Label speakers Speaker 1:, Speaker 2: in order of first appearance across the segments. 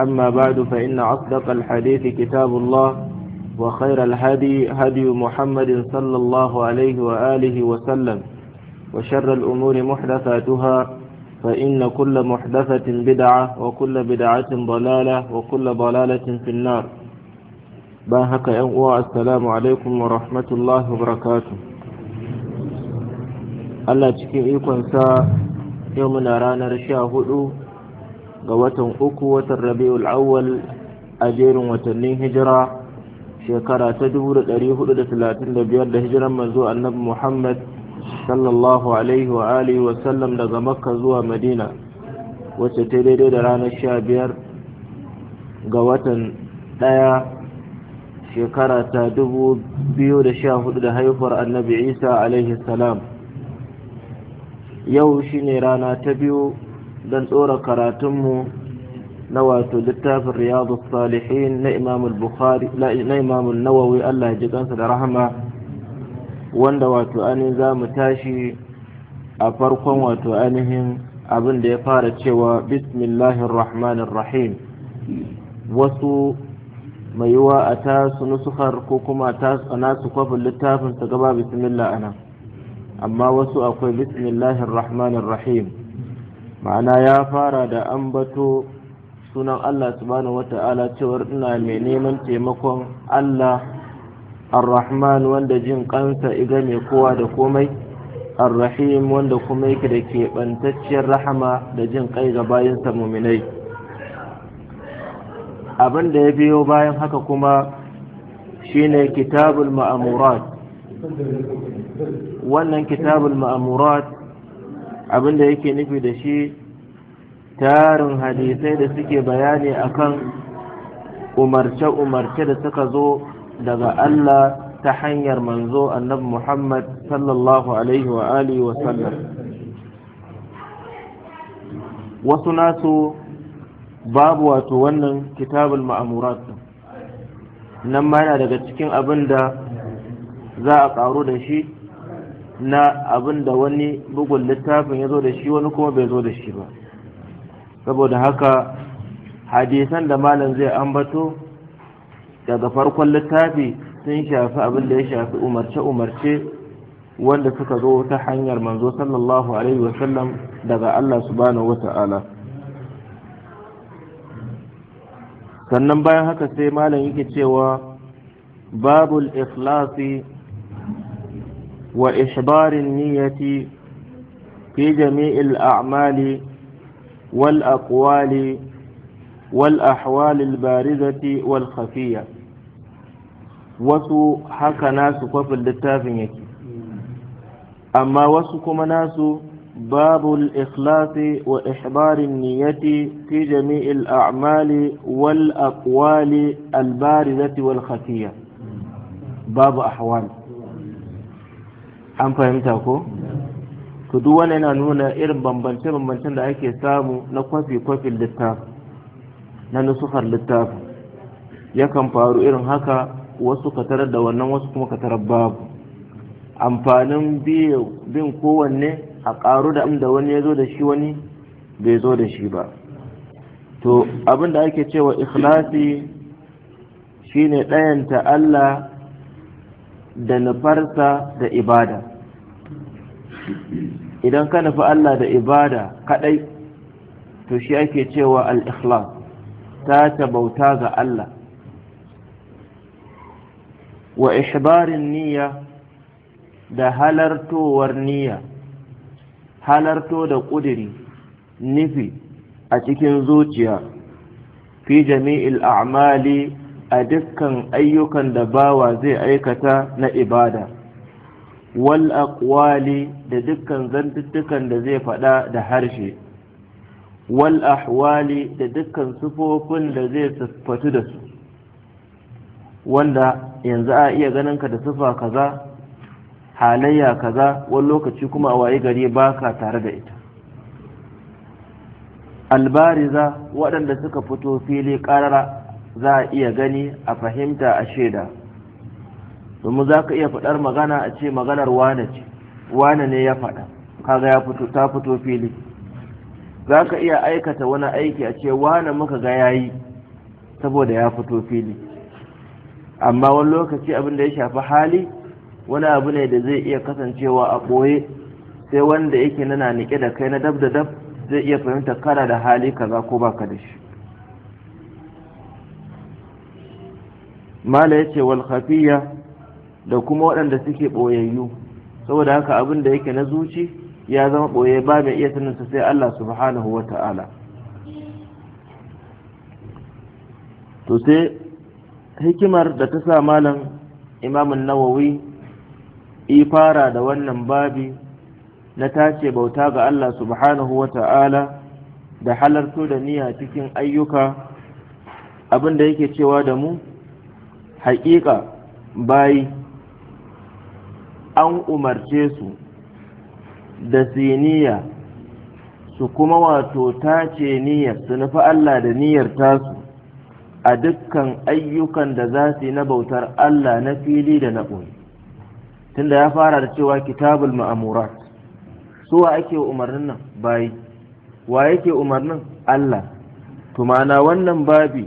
Speaker 1: أما بعد فإن أصدق الحديث كتاب الله وخير الهدي هدي محمد صلى الله عليه وآله وسلم وشر الأمور محدثاتها فإن كل محدثة بدعة وكل بدعة ضلالة وكل ضلالة في النار باهك أنقوى السلام عليكم ورحمة الله وبركاته الله تكيم إيقوان سا يومنا رانا رشاه ga watan uku watan rabi'ul awwal a jerin watannin hijira shekara ta 1435 da hijiran manzo annabi Muhammad sallallahu alaihi wa alihi wa sallam daga makka zuwa madina wacce ta daidai da ranar 15 ga watan ɗaya. shekara ta dubu biyu da sha hudu da haihuwar annabi isa alaihi salam yau shine rana ta biyu don tsora karatunmu na wato littafin riyadu salihin na imamul bukhari na imamul nawawi allah ji kansa da rahama wanda wato ainihin za mu tashi a farkon wato ainihin abin da ya fara cewa bismillahir rahmanir rahim wasu mai yiwa a tasu nusukar ko kuma a su kwafin littafin ta gaba bismillah ana amma wasu akwai bismillahir rahmanir rahim ma'ana ya fara da ambato sunan Allah subhanahu wata'ala cewar ina mai neman taimakon Allah ar-Rahman wanda jin kansa iga mai kowa da komai ar-Rahim wanda kuma yake da keɓantacciyar rahama da jin kai ga bayansa muminai abin da ya biyo bayan haka kuma shine kitabul ma'amurat wannan kitabul ma'amurat Abin da yake nufi da shi tarin hadisai da suke bayani akan umarce-umarce da suka zo daga Allah ta hanyar manzo annabi Muhammad sallallahu alaihi wa alihi wa sallam wasu nasu babu wato wannan kitabul ma'amurat nan ma daga cikin abin da za a ƙaru da shi na abin da wani bugun littafin ya zo da shi wani kuma bai zo da shi ba saboda haka hadisan da malam zai ambato daga farkon littafi sun shafi abin da ya shafi umarce-umarce wanda suka zo ta hanyar manzo sallallahu alaihi wasallam daga Allah subhanahu ta'ala sannan bayan haka sai malam yake cewa babul ikhlasi وإحضار النية في جميع الأعمال والأقوال والأحوال البارزة والخفية wasu haka nasu kwafin littafin yake amma wasu kuma nasu babu ikhlasi wa ihbarin niyyati fi jami'il a'mali wal aqwali al barizati wal babu ahwal an fahimta ko to duk wannan yana nuna irin bambance-bambancen da ake samu na kwafi-kwafin littafi na nusufar littafi yakan faru irin haka wasu ka tarar da wannan wasu kuma ka tarar babu amfanin bin kowanne a ƙaru da inda wani ya zo da shi wani bai zo da shi ba to abin da ake cewa ikhlasi shine ɗayanta Allah da nufarsa da ibada idan ka nufi Allah da ibada kaɗai, to shi ake cewa al-ikhlas ta bauta ga Allah wa ihbarin niyya da halartowar niyya halarto da ƙudiri nufi a cikin zuciya fi jami'il a'mali a dukkan ayyukan da bawa zai aikata na ibada wal aqwali da dukkan zantuttukan da zai faɗa da harshe wal ahwali da dukkan sufofin da zai siffatu da su wanda yanzu a iya ganin ka da sufa kaza halayya kaza wani lokaci kuma a waye gari ba ka tare da ita albariza waɗanda suka fito fili ƙarara za a iya gani a fahimta a shaida domin za ka iya faɗar magana a ce maganar wane ce wane ne ya faɗa kaga ya fito ta fito fili za ka iya aikata wani aiki a ce wane muka ga yayi saboda ya fito fili amma wani lokaci abin da ya shafi hali wani abu ne da zai iya kasancewa a ɓoye sai wanda yake nana niƙe da kai na dab da dab zai iya fahimta kana da hali kaza ko baka da shi mala ya ce wal khafiya da kuma waɗanda suke ɓoyayyu saboda haka abin da yake na zuci ya zama ɓoye ba mai iya saninsa sai Allah subhanahu wa ta'ala to sai hikimar da ta sa malam imamun nawawi fara da wannan babi na tace bauta ga Allah subhanahu wa ta'ala da halarto da niyya cikin ayyuka abin da yake cewa da mu haƙiƙa bayi an umarce su da siniya su kuma wato tace niyyar su nufi Allah da niyyar tasu a dukkan ayyukan da za su yi na bautar Allah na fili da na ɓoye tunda ya fara da cewa kitabul ma'amurat suwa ake umarnin nan bayi wa yake umarnin Allah tumana wannan babi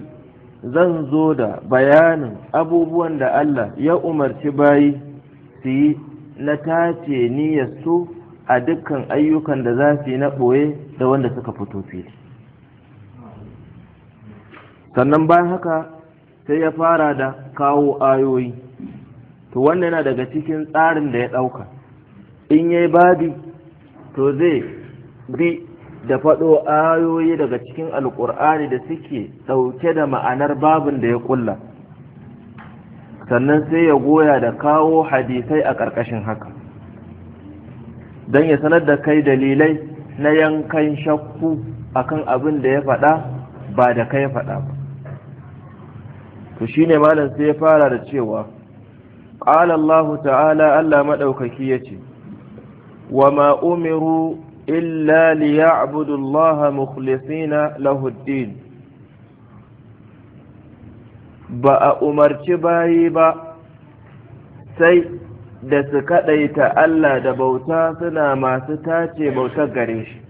Speaker 1: zan zo da bayanin abubuwan da Allah ya umarci bayi su yi na tace su a dukkan ayyukan da za su yi na ɓoye da wanda suka fito fili sannan bayan haka sai ya fara da kawo ayoyi to wannan yana daga cikin tsarin da ya ɗauka in ya yi babi to zai bi da faɗo ayoyi daga cikin alƙur'ani da suke ɗauke da ma'anar babin da ya ƙulla sannan sai ya goya da kawo hadisai a ƙarƙashin haka don ya sanar da kai dalilai na yankan shakku akan abin da ya faɗa ba da kai faɗa ba to ne malam sai ya fara da cewa ƙala Allah ta'ala Allah maɗaukaki ya ce. wa ma umiru illa liya'budu Allah mukhlisina lahuddin ba a umarci bayi ba sai da su kaɗaita Allah da bauta suna masu tace bautar gare shi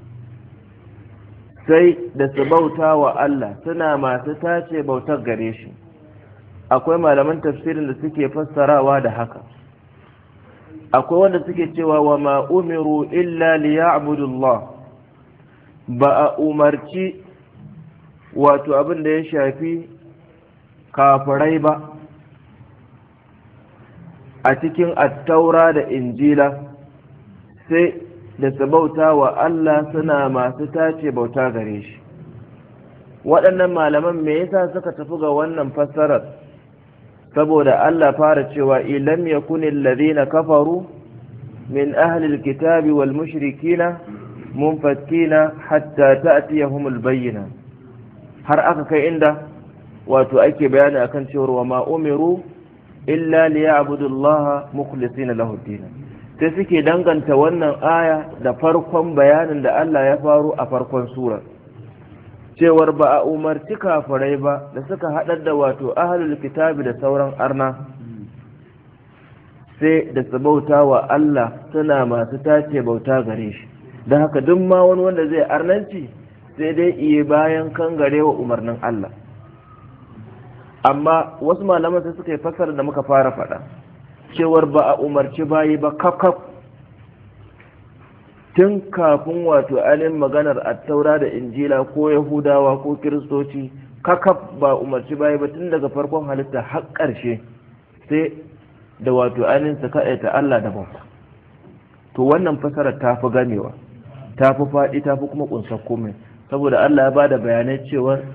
Speaker 1: sai da su bauta wa Allah suna masu tace bautar gare shi akwai malaman tafsirin da suke fassarawa da haka akwai wanda suke cewa wa ma umiru illa liya'budullah ba a umarci wato abin da ya shafi kafirai ba a cikin attaura da injila sai da su bauta wa Allah suna masu tace bauta gare shi waɗannan malaman me yasa suka tafi ga wannan fassarar saboda Allah fara cewa ilam kuni ladina kafaru min ahli kitabi wal mushrikina na, hatta ta'tiyahum albayyina har aka kai inda wato ake bayani akan cewar wa ma umiru illa liya'budullaha mukhlisin lahu din sai suke danganta wannan aya da farkon bayanin da Allah ya faro a farkon sura cewar ba a umarci kafirai ba da suka haɗar da wato ahlul kitabi da sauran arna sai da su bauta wa Allah suna masu tace bauta gare shi da haka duk ma wani wanda zai arnanci sai dai iya bayan kan gare wa umarnin Allah amma wasu malaman sai suka yi fasara da muka fara faɗa cewar ba a umarci bayi ba kaf tun kafin wato alin maganar attaura da injila ko yahudawa ko kiristoci kakaf ba umarci bayi ba tun daga farkon halitta har ƙarshe sai da wato ainihin su ta Allah da bauta to wannan fasarar ta fi ganewa ta fi faɗi ta fi kuma ƙunsar komai saboda Allah ya ba da bayanai cewar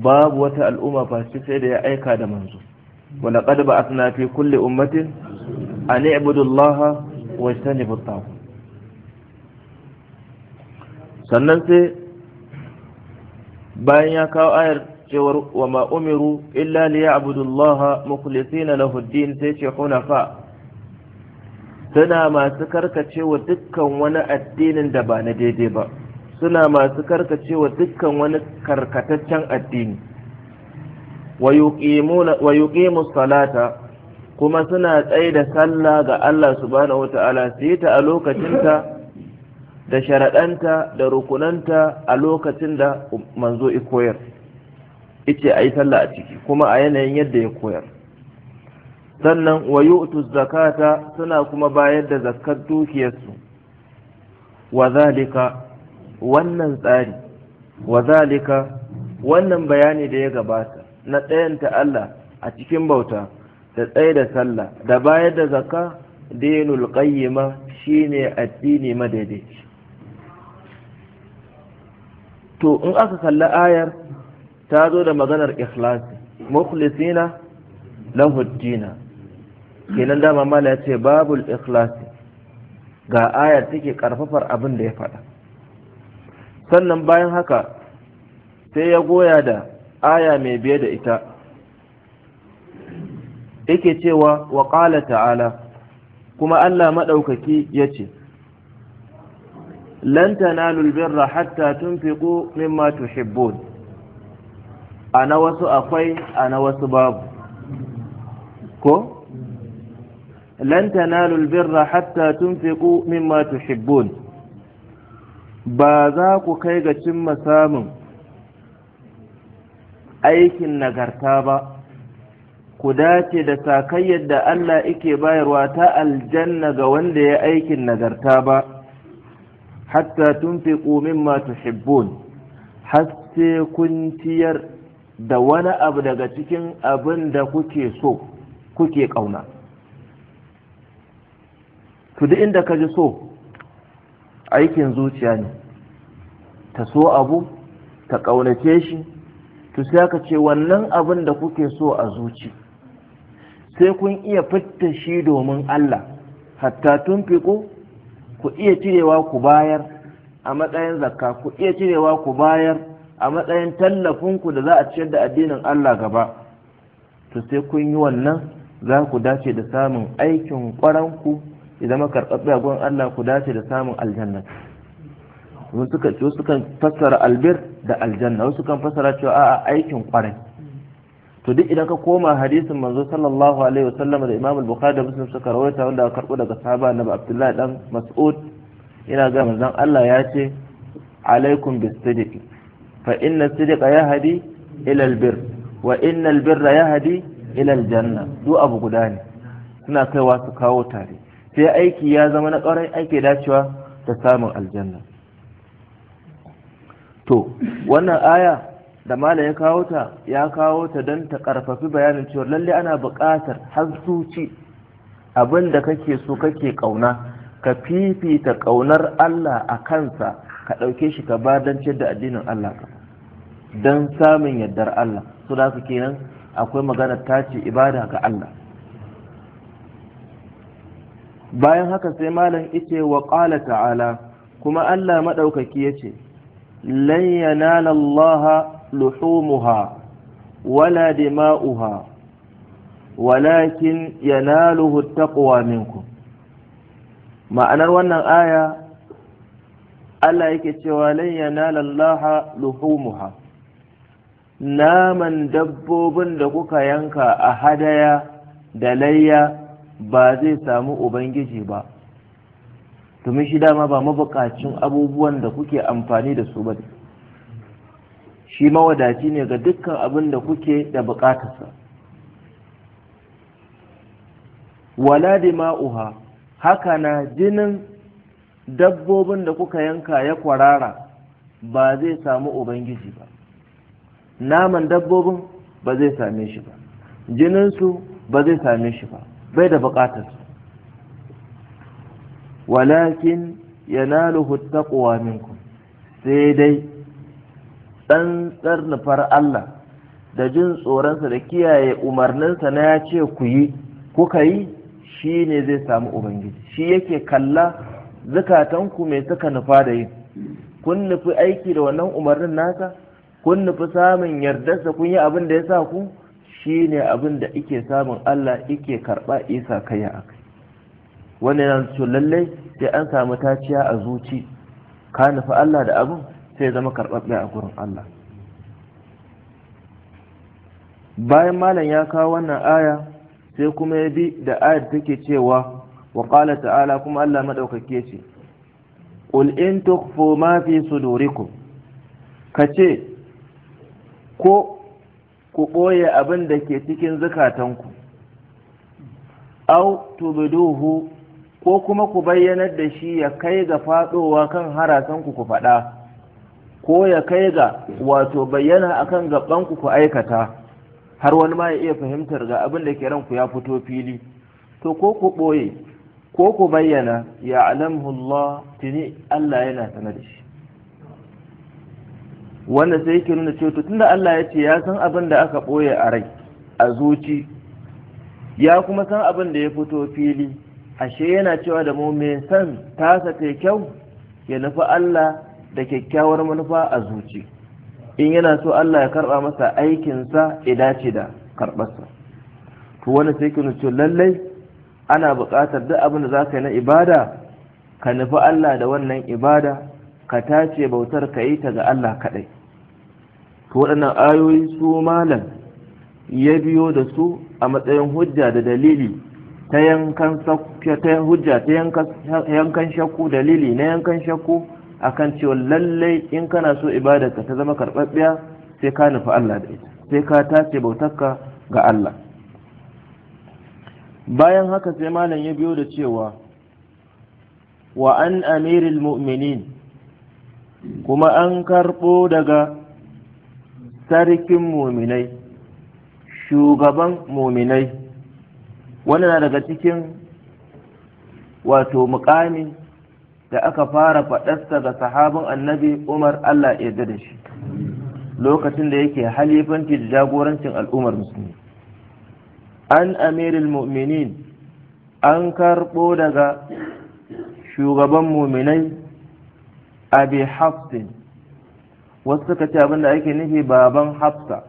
Speaker 1: babu wata al'umma face sai da ya aika da manzo wala qad ba'athna fi kulli ummatin an i'budu Allah wa istanibu taghut sannan sai bayan ya kawo ayar cewar wa ma umiru illa liya'budu Allah mukhlisina lahu ad sai ce hunafa suna masu karkacewa dukkan wani addinin da ba na daidai ba suna masu karkacewa dukkan wani karkataccen addini wa yuqimu salata kuma suna tsaye da sallah ga Allah subhanahu wata'ala su ta a lokacinta da sharaɗanta da rukunanta a lokacin da manzo i koyar ita a sallah a ciki kuma a yanayin yadda ya koyar sannan wa yu'tu zakata suna kuma bayar da zakkar dukiyarsu wa zalika wannan tsari wa zalika wannan bayani da ya gabata na ta Allah a cikin bauta da tsaye da sallah da bayar da zakka dinul qayyima shine addini madaidaici to in aka kalli ayar ta zo da maganar ikhlasi mukhlisina lahu dina kenan da mamala ya ce babul ikhlasi ga ayar take karfafar abin da ya faɗa sannan bayan haka sai ya goya da aya mai biye da ita yake cewa wa ƙala ta'ala kuma Allah maɗaukaki ya ce lan tanalul birra hatta tunfiqu mimma tuhibbun ana wasu akwai ana wasu babu ko lan tanalul birra hatta tunfiqu mimma tuhibbun ba za ku kai ga cimma samun aikin nagarta ba ku dace da sakayyar da Allah ike bayarwa ta aljanna ga wanda ya aikin nagarta ba hatta tunfiqu mimma tuhibbun har sai kun da wani abu daga cikin abin da kuke so kuke kauna to duk inda ka ji so aikin zuciya ne ta so abu ta ƙaunace shi to sai aka ce wannan abin da kuke so a zuci sai kun iya fitta shi domin Allah hatta tun fiko ku iya cirewa ku bayar a matsayin zakka ku iya cirewa ku bayar a matsayin tallafinku da za a ciyar da addinin Allah gaba to sai kun yi wannan za ku dace da samun aikin kwaranku Idan maka karɓaɓɓe a gwan Allah ku dace da samun aljanna wasu suka wasu kan fassara albir da aljanna wasu kan fassara cewa a aikin kwarai to duk idan ka koma hadisin manzo sallallahu alaihi wasallam da imamul bukhari da Muslim suka rawaita wanda aka daga sahaba na Abdullahi dan Mas'ud ina ga manzon Allah ya ce alaikum bis-sidiq fa inna sidiqa yahdi ila albir wa inna al-birra yahdi ila aljanna janna duk abu guda ne suna kaiwa su kawo tare sai aiki ya zama na ƙwarai ake dacewa da samun aljanna to wannan aya da mala ya kawo ta ya kawo ta don ta ƙarfafi bayanin cewa lalle ana buƙatar hansuci abin da kake so kake ƙauna ka fifita ƙaunar Allah a kansa ka ɗauke shi ka ba don da addinin Allah ka don samun yardar Allah su da kenan akwai magana ta ce ibada ga Allah bayan haka sai malam ice wa ƙala ta'ala kuma Allah maɗaukaki ya ce lan yanala Allah luhumuha wala dima'uha walakin yanaluhu taqwa minkum ma'anar wannan aya Allah yake cewa lan yanala Allah luhumuha naman dabbobin da kuka yanka a hadaya da layya ba zai samu ubangiji ba domin shi dama ba mabukacin abubuwan da kuke amfani da su ba shi mawadaci ne ga dukkan abin da kuke da bukatarsa wala da Ma'uha haka na jinin dabbobin da kuka yanka ya kwarara ba zai samu ubangiji ba naman dabbobin ba zai same shi ba jininsu ba zai same shi ba bai da buƙatar walakin yanaluhu taqwa minkum sai dai tsantsar nufar Allah da jin tsoronsa da kiyaye umarninsa na ya ce ku yi kuka yi shi ne zai samu ubangiji shi yake kalla zukatanku mai suka nufa da yi kun nufi aiki da wannan umarnin nasa kun nufi samun yardarsa kun yi abin da ya sa ku Shi ne abin da ike samun Allah ike karɓa isa kai kai, wannan yana su lallai sai an samu taciya a zuci ka nufi Allah da abin sai zama karɓaɓɓe a gurin Allah bayan malam ya kawo wannan aya sai kuma ya bi da ayar take cewa wa ƙala ta'ala kuma Allah maɗaukake ce qul in tukhfu ma fi sudurikum kace ko ku ɓoye abin da ke cikin zukatanku au duhu, ko kuma ku bayyanar da shi ya kai ga faɗowa kan harasanku ku faɗa ko ya kai ga wato bayyana akan gabanku ku aikata har wani ma ya iya fahimtar ga abin da ke ranku ya fito fili to ko ku ɓoye ko ku bayyana ya alamhullah tuni Allah yana sanar da shi wanda sai yake nuna cewa to tunda Allah ya ce ya san abin da aka boye a rai a zuci ya kuma san abin da ya fito fili ashe yana cewa da mu mai san tasa ta kyau ya nufi Allah da kyakkyawar manufa a zuci in yana so Allah ya karba masa aikinsa ya dace da karbarsa to wanda sai yake nuna cewa lallai ana buƙatar duk abin da za ka yi na ibada ka nufi Allah da wannan ibada ka tace bautar ka yi ta ga Allah kaɗai to waɗannan ayoyi su malam ya biyo da su a matsayin hujja da dalili ta yankan hujja ta yankan shakku dalili na yankan shakku akan cewa lallai in kana so ibadarka ta zama karɓaɓɓiya sai ka nufi Allah da ita sai ka tace bautarka ga Allah bayan haka sai malam ya biyo da cewa wa an amiril mu'minin kuma an karɓo daga sarkin muminai shugaban muminai Wanda na daga cikin wato mukami da aka fara faɗarsa ga sahabin annabi umar allah ya da shi lokacin da yake halifanci da jagorancin al'ummar musulmi an amiril mu'minin an karɓo daga shugaban muminai abi hafsin wasu suka ce abinda ake nufi baban hafsa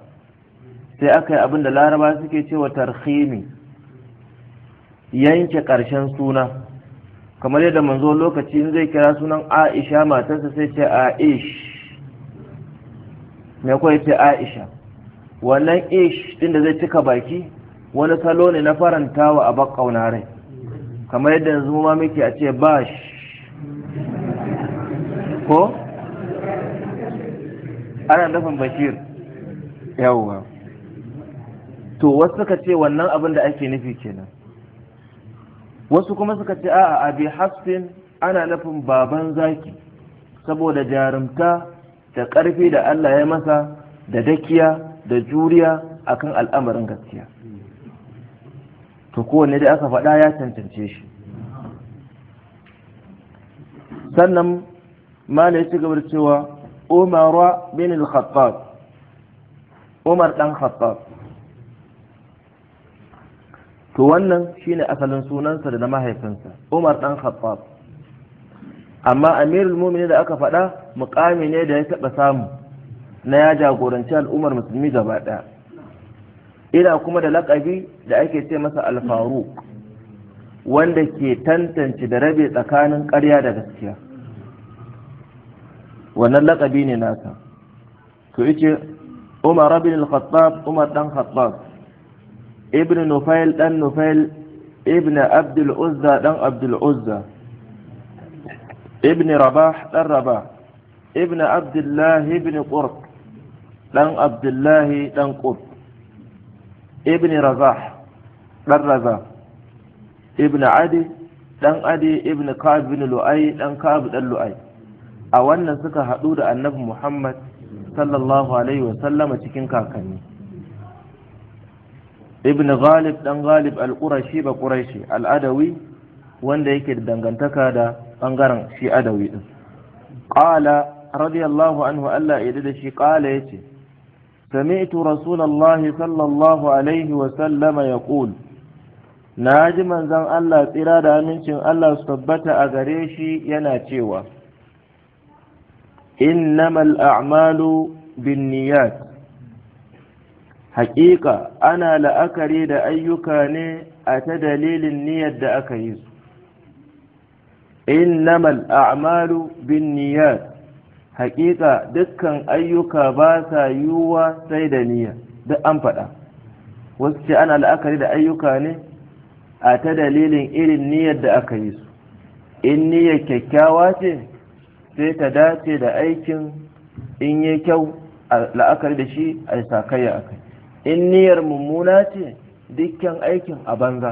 Speaker 1: sai aka yi abinda laraba suke cewa tarhimi yanke ƙarshen suna kamar yadda manzo lokaci in zai kira sunan aisha matarsa sai ce aish mai kawai ce aisha wannan ish din da zai cika baki wani salo ne na farantawa a abin ƙauna kamar yadda yanzu ma muke a ce bash ko ana nufin bashir yawwa to wasu suka ce wannan abin da ake nufi kenan wasu kuma suka ce a'a abi hafsin ana nufin baban zaki saboda jarumta da ƙarfi da Allah ya masa da dakiya da juriya akan al'amarin gaskiya to ne da aka faɗa ya cancance shi sannan ma ya ci gaba da cewa umar bin al-khattab umar dan khattab to wannan shine asalin sunansa da na mahaifinsa umar dan khattab amma amirul Mu'minin da aka faɗa mukami ne da ya taɓa samu na ya jagoranci al'ummar musulmi gaba ɗaya ina kuma da laƙabi da ake ce masa Al-Faruq wanda ke tantance da rabe tsakanin ƙarya da gaskiya wannan lakabi ne nasa to yace Umar ibn al-Khattab Umar dan Khattab ibn Nufail dan Nufail ibn Abdul Uzza dan Abdul Uzza ibn Rabah dan Rabah ibn Abdullah ibn Qurb dan Abdullah dan Qurb ibn Razah dan Razah ibn Adi dan Adi ibn Ka'ab ibn Lu'ay dan Ka'ab dan Lu'ay a wannan suka haɗu da annabi muhammad sallallahu alaihi wasallama cikin kakanni ibn ghalib dan ghalib al-qurashi ba quraishi al-adawi wanda yake da dangantaka da bangaren shi adawi din qala radiyallahu anhu Allah ya da shi qala yace sami'tu rasulullahi sallallahu alaihi wa sallama yaqul naji manzon Allah tsira da amincin Allah su tabbata a gare shi yana cewa innamal a'malu binniyat haƙiƙa ana la'akari da ayyuka ne a ta dalilin niyyar da aka yi su binniyat haƙiƙa dukkan ayyuka ba sa yiwuwa sai da niyya duk an faɗa wasu ce ana la'akari da ayyuka ne a ta dalilin irin niyyar da aka yi su in niyyar kyakkyawa ce sai ta dace da aikin in yi kyau la'akari da shi a sakayya a kai in niyyar mummuna ce dukkan aikin a banza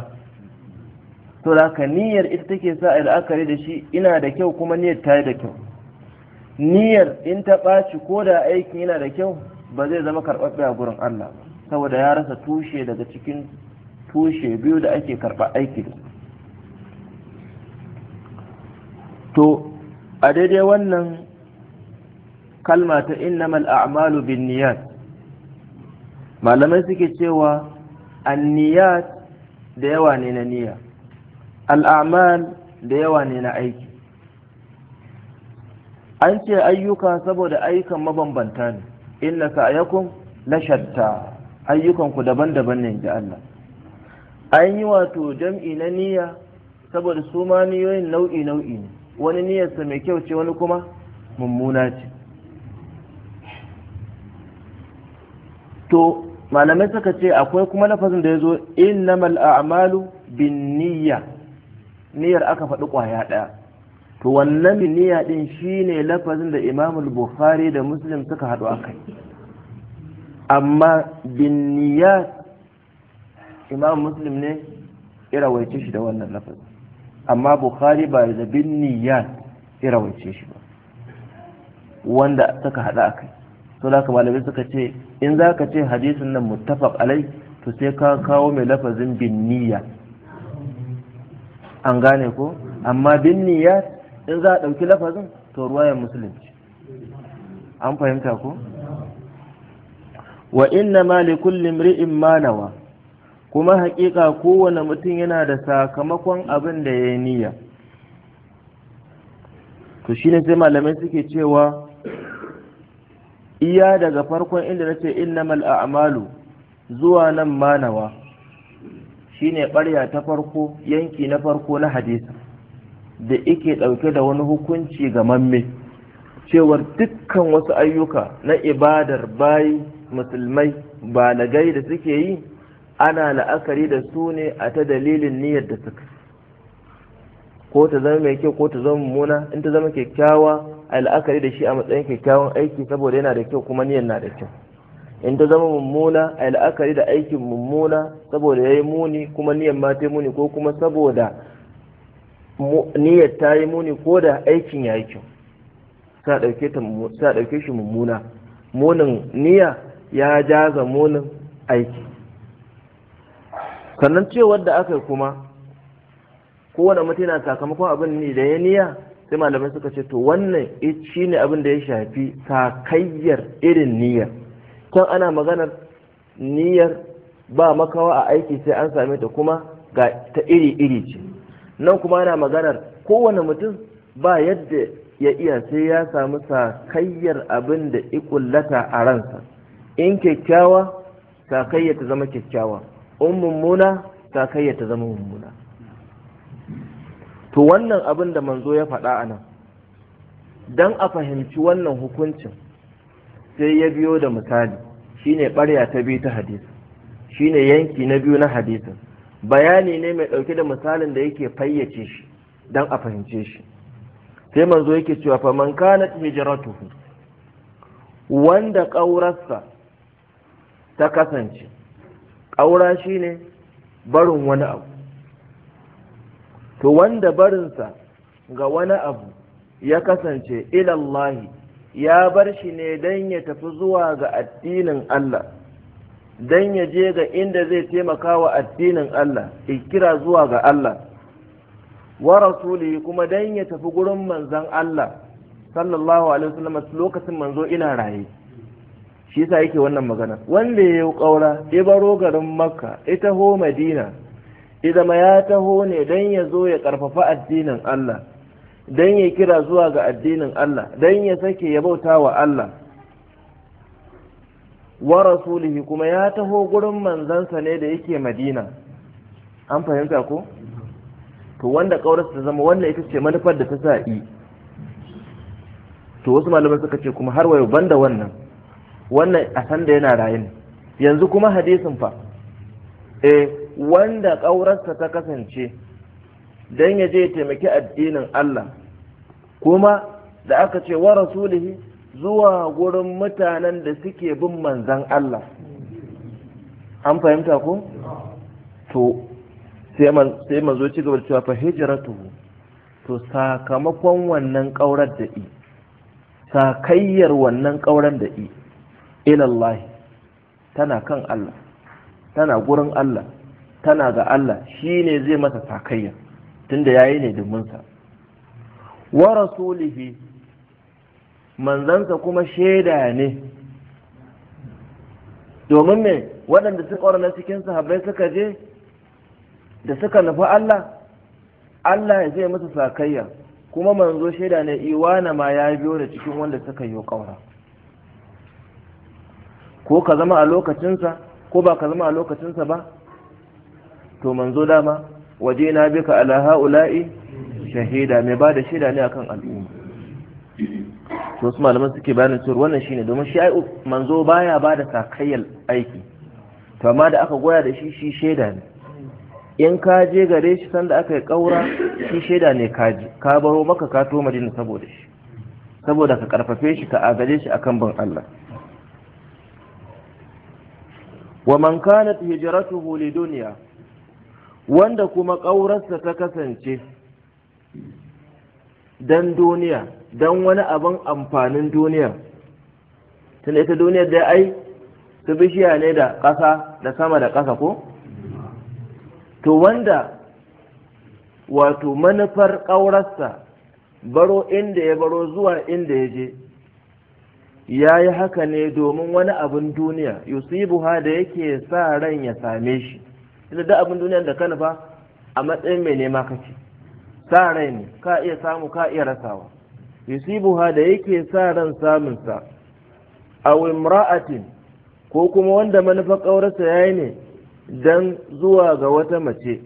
Speaker 1: to da ka niyyar ita take sa a la'akari da shi ina da kyau kuma niyyar ta yi da kyau niyyar in ta ɓaci ko da aikin yana da kyau ba zai zama karɓaɓɓe a gurin Allah saboda ya rasa tushe daga cikin tushe biyu da ake karɓa aiki da to a daidai wannan kalma ta innamal a'malu bin niyat malamai suke cewa anniyat da yawa ne na niyya al-a'mal da yawa ne na aiki an ce ayyuka saboda ayyukan mabambanta ne inna sa'ayakum la shatta ayyukanku daban-daban ne ga Allah an yi wato jam'i na niyya saboda su ma nau'i nau'i ne wani niyyarsa mai kyau ce wani kuma mummuna ce to malamai suka ce akwai kuma lafazin da ya zo innamal a'malu bin niyya niyyar aka faɗi ƙwaya ɗaya to wannan niyya ɗin ne lafazin da imamul bukhari da muslim suka haɗu a kai amma bin niyya imam muslim ne ya shi da wannan lafazin amma bukhari ba da bin niyyat ya shi ba wanda suka hada akai to da ka malamai suka ce in za ka ce hadisin nan muttafaq alai to sai ka kawo mai lafazin bin niyya an gane ko amma bin niyya in za a ɗauki lafazin to ruwayan musulunci an fahimta ko wa inna ma li kulli imri'in ma nawa kuma haƙiƙa kowane mutum yana da sakamakon abin da ya niyya to ne sai malamai suke cewa iya daga farkon inda na nace inna a'malu zuwa nan manawa shine ɓarya ta farko yanki na farko na hadisa da ike ɗauke da wani hukunci ga mamme cewar dukkan wasu ayyuka na ibadar bayi musulmai balagai da suke yi ana la'akari da su ne a ta dalilin niyyar da suka ko ta zama mai kyau ko ta zama mummuna in ta zama kyakkyawa a la'akari da shi a matsayin kyakkyawan aiki saboda yana da kyau kuma niyyar na da kyau in ta zama mummuna a la'akari da aikin mummuna saboda ya yi muni kuma niyyar ma ta yi muni ko kuma saboda niyyar ta yi muni ko da aikin ya yi kyau sa ɗauke shi mummuna munin niyya ya jaza munin aiki sannan cewar da aka yi kuma kowane mutum yana sakamakon abin ne da ya niya sai malamai suka ce to wannan shi ne abin da ya shafi sakayyar irin niyyar can ana maganar niyyar ba makawa a aiki sai an same ta kuma ga ta iri-iri ce nan kuma ana maganar kowane mutum ba yadda ya iya sai ya samu sakayyar abin da ikullata a ransa in kyakkyawa sakayyar ta zama kyakkyawa in mummuna sakayya ta zama mummuna to wannan abin da manzo ya faɗa a nan don a fahimci wannan hukuncin sai ya biyo da misali shine ɓarya ta biyu ta hadisi shine yanki na biyu na hadisin bayani ne mai ɗauke da misalin da yake fayyace shi don a fahimce shi sai manzo yake cewa faman kana hijratuhu wanda ƙaurarsa ta kasance ƙaura ne barin wani abu to wanda barinsa ga wani abu ya kasance ilallahi ya bar shi ne don ya tafi zuwa ga addinin Allah don ya je ga inda zai taimaka wa addinin Allah ikira zuwa ga Allah wa rasuli kuma don ya tafi gurin manzan Allah sallallahu alaihi wasallam lokacin manzo ina raye shi yasa yake wannan magana wanda ya yi ƙaura ya baro garin makka ya taho madina ya zama ya taho ne don ya zo ya ƙarfafa addinin allah don ya kira zuwa ga addinin allah don ya sake ya bauta wa allah wa rasulihi kuma ya taho gurin manzansa ne da yake madina an fahimta ko to wanda ƙaurarsa ta zama wannan ita ce manufar da ta sa'i to wasu malamai suka ce kuma har wayo banda wannan wannan a da yana rayu yanzu kuma hadisin fa eh wanda ƙaurarsa ta kasance don ya je taimaki addinin Allah kuma da aka ce wa rasulihi zuwa gurin mutanen da suke bin manzan Allah an fahimta ko to sai manzo ci gaba cewa fa hijratuhu to sakamakon wannan ƙaurar da i sakayyar wannan ƙaurar da i ilallahi tana kan Allah tana gurin Allah tana ga Allah shi ne zai masa takayya tunda yayi ne sa wa rasulihi manzansa kuma shaida ne domin me waɗanda suka na cikin sahabbai suka je da suka nufi Allah Allah ya zai masa sakayya kuma manzo shaida ne iwana ma ya biyo da cikin wanda suka yi ƙaura ko ka zama a lokacinsa ko ba ka zama a lokacinsa ba to manzo dama waje na bika ala ha'ula'i shahida mai ba da shida ne akan al'umma to wasu malaman suke bayanin cewa wannan shine domin shi manzo baya ba da sakayyar aiki to amma da aka goya da shi shi shaida ne in ka je gare shi sanda aka yi kaura shi shaida ne ka ji ka baro maka ka to madina saboda shi saboda ka karfafe shi ka agaje shi akan bin Allah wa man kanat hijratuhu lidunya wanda kuma ƙaurarsa ta kasance dan duniya dan wani abin amfanin duniya da ita duniyar da ai su bishiya ne da ƙasa da sama da ƙasa ko to wanda wato manufar ƙaurarsa baro inda ya baro zuwa inda ya je ya yi haka ne domin wani abin duniya ha da yake sa ran ya same shi ina da abin duniya da kana ba? a matsayin mai nema kace sa rai ne ka iya samu ka iya rasawa ha da yake sa ran samun sa aw imra'atin ko kuma wanda manufa ya yayi ne dan zuwa ga wata mace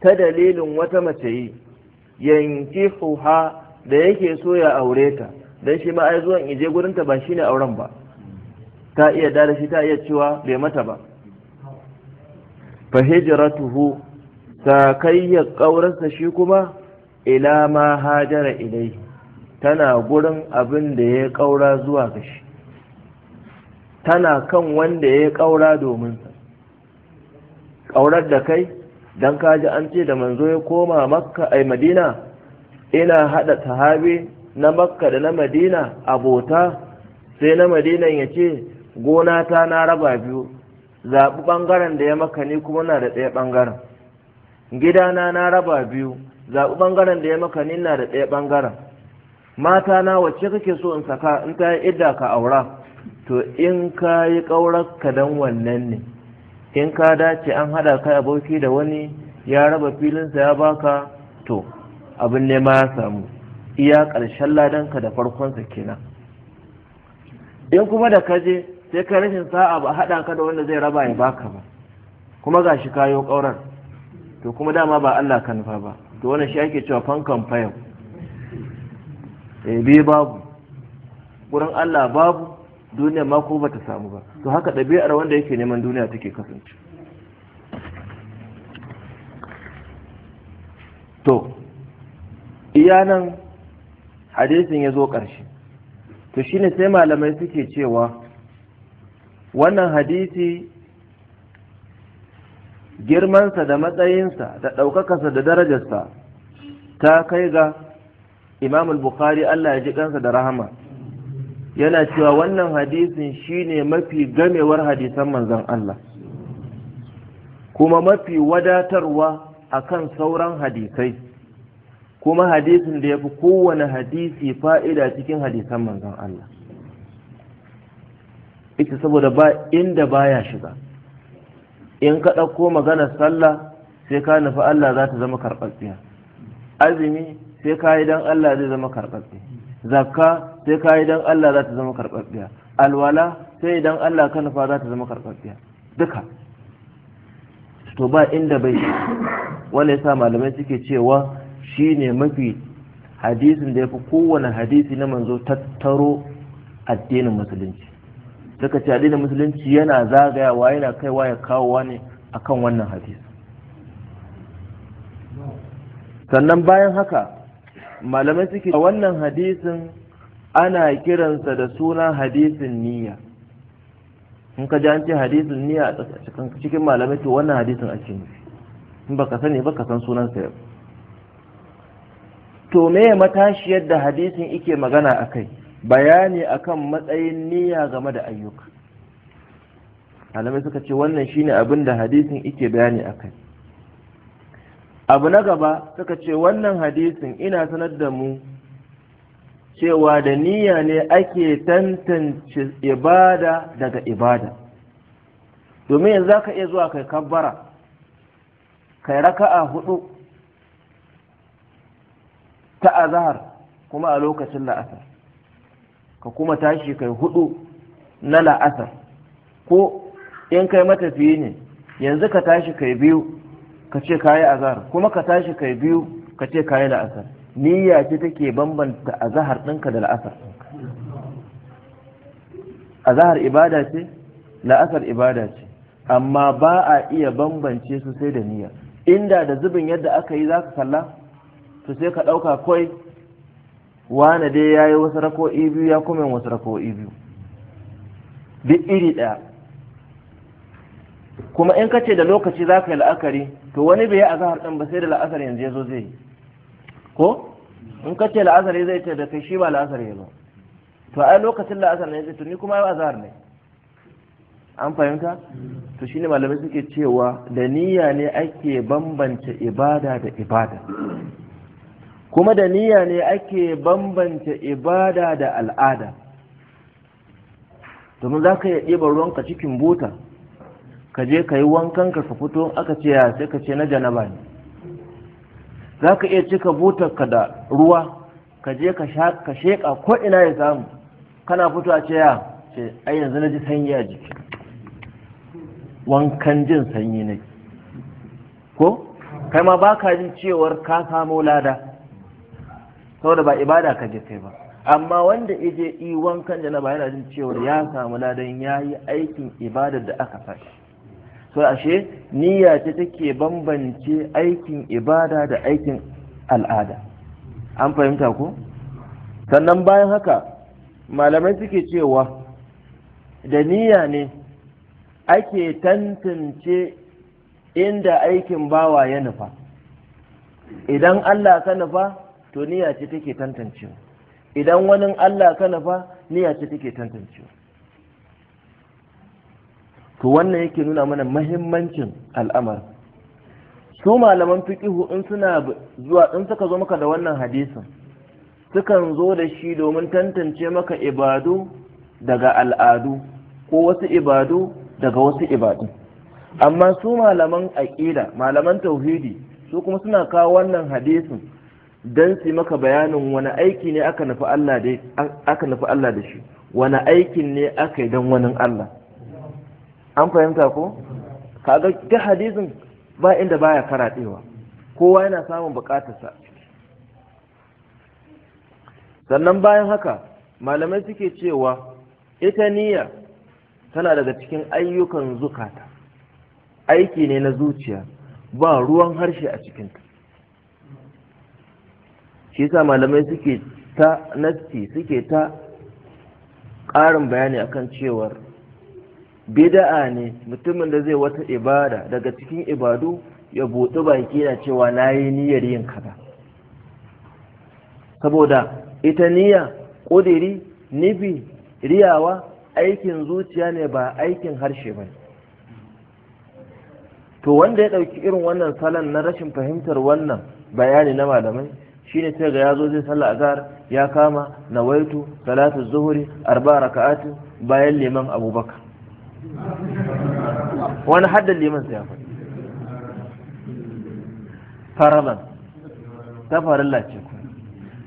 Speaker 1: ta dalilin wata mace yi ha da yake so ya aure ta dan shi ma ai zuwan ije gurin ta ba shine auren ba ta iya dada shi ta iya cewa bai mata ba fa hijratuhu sakayya ƙaurarsa shi kuma ila ma hajara ilai tana gurin abin da ya kaura zuwa ga shi tana kan wanda ya kaura domin sa kaurar da kai dan kaji an ce da manzo ya koma makka ai madina ina hada sahabi na makka da na madina abota sai na madina ya ce gona ta na raba biyu zaɓi ɓangaren da ya maka ni kuma na da ɗaya ɓangaren gidana na raba biyu zaɓi ɓangaren da ya maka ni na da ɗaya ɓangaren mata na wacce kake so in saka in ta yi idda ka aura to in ka yi ƙaurar ka dan wannan ne in ka dace an haɗa kai aboki da wani ya raba filinsa ya baka to abin nema ya samu iya ƙarshen ladanka da farkonsa kenan in kuma da ka je sai ka rashin sa'a ba haɗa ka da wanda zai raba ya baka ba kuma ga shi kayo ƙaurar to kuma dama ba Allah ka nufa ba to wannan shi ake cewa fankan fayau eh babu Wurin Allah babu duniya ma ko bata samu ba to haka ɗabi'ar wanda yake neman duniya take kasance to iya hadisin ya zo ƙarshe to shi ne sai malamai suke cewa wannan hadisi girmansa da matsayinsa da ɗaukakarsa da darajarsa ta kai ga imam bukhari allah ya ji kansa da rahama yana cewa wannan hadisin shine mafi gamewar hadisan manzon allah kuma mafi wadatarwa akan sauran hadisai kuma hadisin da ya fi kowane hadisi fa'ida cikin hadisan manzon Allah ita saboda ba inda baya shiga in ka ɗauko maganar sallah sai ka nufi Allah za ta zama karɓaɓɓiya azumi sai ka yi don Allah zai zama karɓaɓɓe zakka sai ka yi don Allah za ta zama karɓaɓɓiya alwala sai idan Allah ka nufa za ta zama karɓaɓɓiya duka to ba inda bai wanda ya sa malamai suke cewa Shi ne mafi hadisin da ya fi kowane hadisi na manzo tattaro addinin musulunci suka ce addinin musulunci yana zagayawa yana kaiwa ya kawowa ne a kan wannan hadis. sannan bayan haka malamai suke a wannan hadisin ana kiransa da suna hadisin niyya in ka ji an ce hadisin niyya a cikin malamai to wannan hadisin a nufi in ka sani ka san sunansa yau to me matashiyar da hadisin ike magana akai bayani akan matsayin niyya game da ayyuka malamai suka ce wannan shine abin da hadisin ike bayani akai abu na gaba suka ce wannan hadisin ina sanar da mu cewa da niyya ne ake tantance ibada daga ibada domin yanzu ka iya zuwa kai kabbara kai raka'a hudu ta azahar kuma a lokacin la'asar ka kuma tashi kai hudu na la'asar ko in kai matafiyi ne yanzu ka tashi kai biyu ka ce kayi azahar kuma ka tashi kai biyu ka ce kayi la'asar niyya ce take bambanta azahar ɗinka da la'asar azahar ibada ce la'asar ibada ce amma ba a iya bambance su sai da niyya inda da zubin yadda aka yi za ka kalla to sai ka ɗauka kawai wane dai ya yi wasu rako'i biyu ya kuma wasu rako'i biyu duk iri ɗaya kuma in ka ce da lokaci za ka yi la'akari to wani bai yi azahar ɗin ba sai da la'asar yanzu ya zo zai yi ko in ka ce la'akari zai ce da kai shi ba la'asar ya zo to ai lokacin la'asar ne zai tuni kuma ya azahar ne an fahimta to shi ne malamai suke cewa da niyya ne ake bambance ibada da ibada kuma da niyya ne ake bambanta ibada da al'ada domin za ka iya ɗiba cikin buta ka je ka yi wankan ka fito aka ce ya sai ka ce na janaba ne za ka iya cika butarka da ruwa ka je ka sheka ko ina ya samu kana fito a ce ya ce ai yanzu na ji sanyi a jiki wankan jin sanyi ne ko kai ma baka ka jin cewar ka samo lada saboda ba ibada ka je kai ba amma wanda ije yi wankan ba yana jin cewa ya samu ladan ya yi aikin ibadar da aka sashi so ashe niyya ce take bambance aikin ibada da aikin al'ada an fahimta ko sannan bayan haka malamai suke cewa da niyya ne ake tantance inda aikin bawa ya nufa idan Allah ka nufa to niyya ce take tantancewa idan wani Allah ka nufa niyya ce take tantancewa to wannan yake nuna mana mahimmancin al'amar su malaman fiqihu in suna zuwa in suka zo maka da wannan hadisin sukan zo da shi domin tantance maka ibadu daga al'adu ko wasu ibadu daga wasu ibadu amma su malaman aƙida malaman tauhidi su kuma suna kawo wannan hadisin don su maka bayanin wani aiki ne aka nufi Allah da shi wani aiki ne aka yi don wani Allah an fahimta ko kaga ta hadisin ba inda baya karaɗewa kowa yana samun bukatarsa sannan bayan haka malamai suke cewa ita niyya tana daga cikin ayyukan zukata aiki ne na zuciya ba ruwan harshe a cikinta shi yasa malamai suke ta nafti suke ta ƙarin bayani akan cewar bida'a ne mutumin da zai wata ibada daga cikin ibadu ya buɗi baki na cewa na yi niyyar yin kaza saboda ita niyya ƙudiri nufi riyawa aikin zuciya ne ba aikin harshe ba to wanda ya ɗauki irin wannan salon na rashin fahimtar wannan bayani na malamai shine sai ga zo zai sallah azhar ya kama nawaitu salatu zuhri arba raka'atu bayan liman abubakar wani haddan liman sai ya faɗi faraban ta farilla ce ku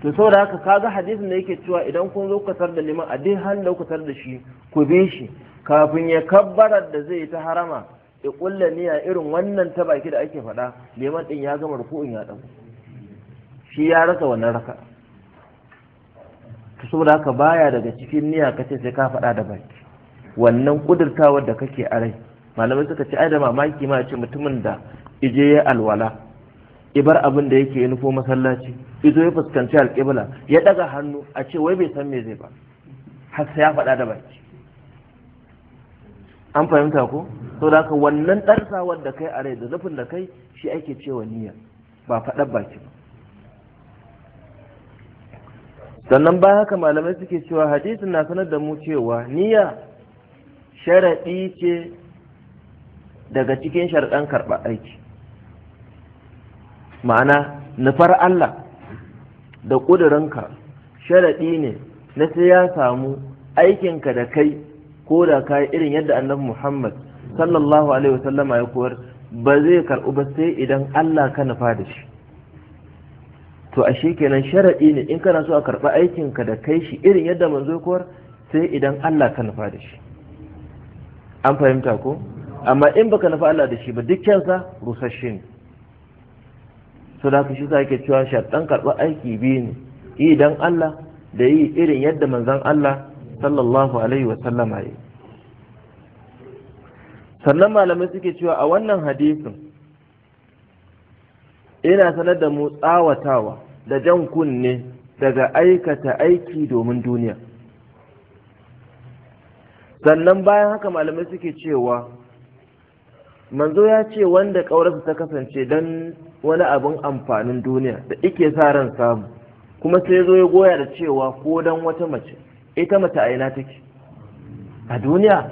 Speaker 1: to saboda haka kaga hadisin da yake cewa idan kun zo ku da liman a dai hannu da ku da shi ku bi shi kafin ya kabbara da zai yi ta harama ya kulla niyya irin wannan ta baki da ake faɗa liman ɗin ya gama ruku'un ya dauko shi ya rasa wannan raka to saboda haka baya daga cikin niyya kace sai ka faɗa da baki wannan kudurtawar da kake a rai malamai suka ce ai da mamaki ma ce mutumin da ije ya alwala ibar abin da yake nufo masallaci izo ya fuskanci alƙibla ya ɗaga hannu a ce wai bai san me zai ba har sai ya faɗa da baki an fahimta ko saboda da haka wannan ɗarsawar da kai a rai da zafin da kai shi ake cewa niyya ba faɗar baki ba sannan ba haka malamai suke cewa hadisin na sanar da mu cewa niyya sharaɗi ce daga cikin sharɗan karɓar aiki ma'ana nufar Allah da ƙudurinka sharaɗi ne na sai ya samu aikinka da kai ko da ka irin yadda annabi Muhammad sallallahu alaihi wasallama ya koyar ba zai karɓu ba sai idan Allah ka nufa da shi to ashe kenan sharaɗi ne in kana so a karɓi aikinka da kai shi irin yadda manzo kowar sai idan Allah ka nufa da shi an fahimta ko amma in baka nufa Allah da shi ba dukkansa rusasshe ne so da ka shi sa yake cewa sharɗan karɓi aiki biyu ne yi idan Allah da yi irin yadda manzon Allah sallallahu alaihi wa sallama yi sannan malamai suke cewa a wannan hadisin ina sanar da mu tsawatawa da jan kunne daga aikata aiki domin duniya sannan bayan haka malamai suke cewa manzo ya ce wanda ƙaurarsa ta kasance don wani abin amfanin duniya da ike sa ran samu kuma sai zo ya goya da cewa ko don wata mace ita mata a ina take a duniya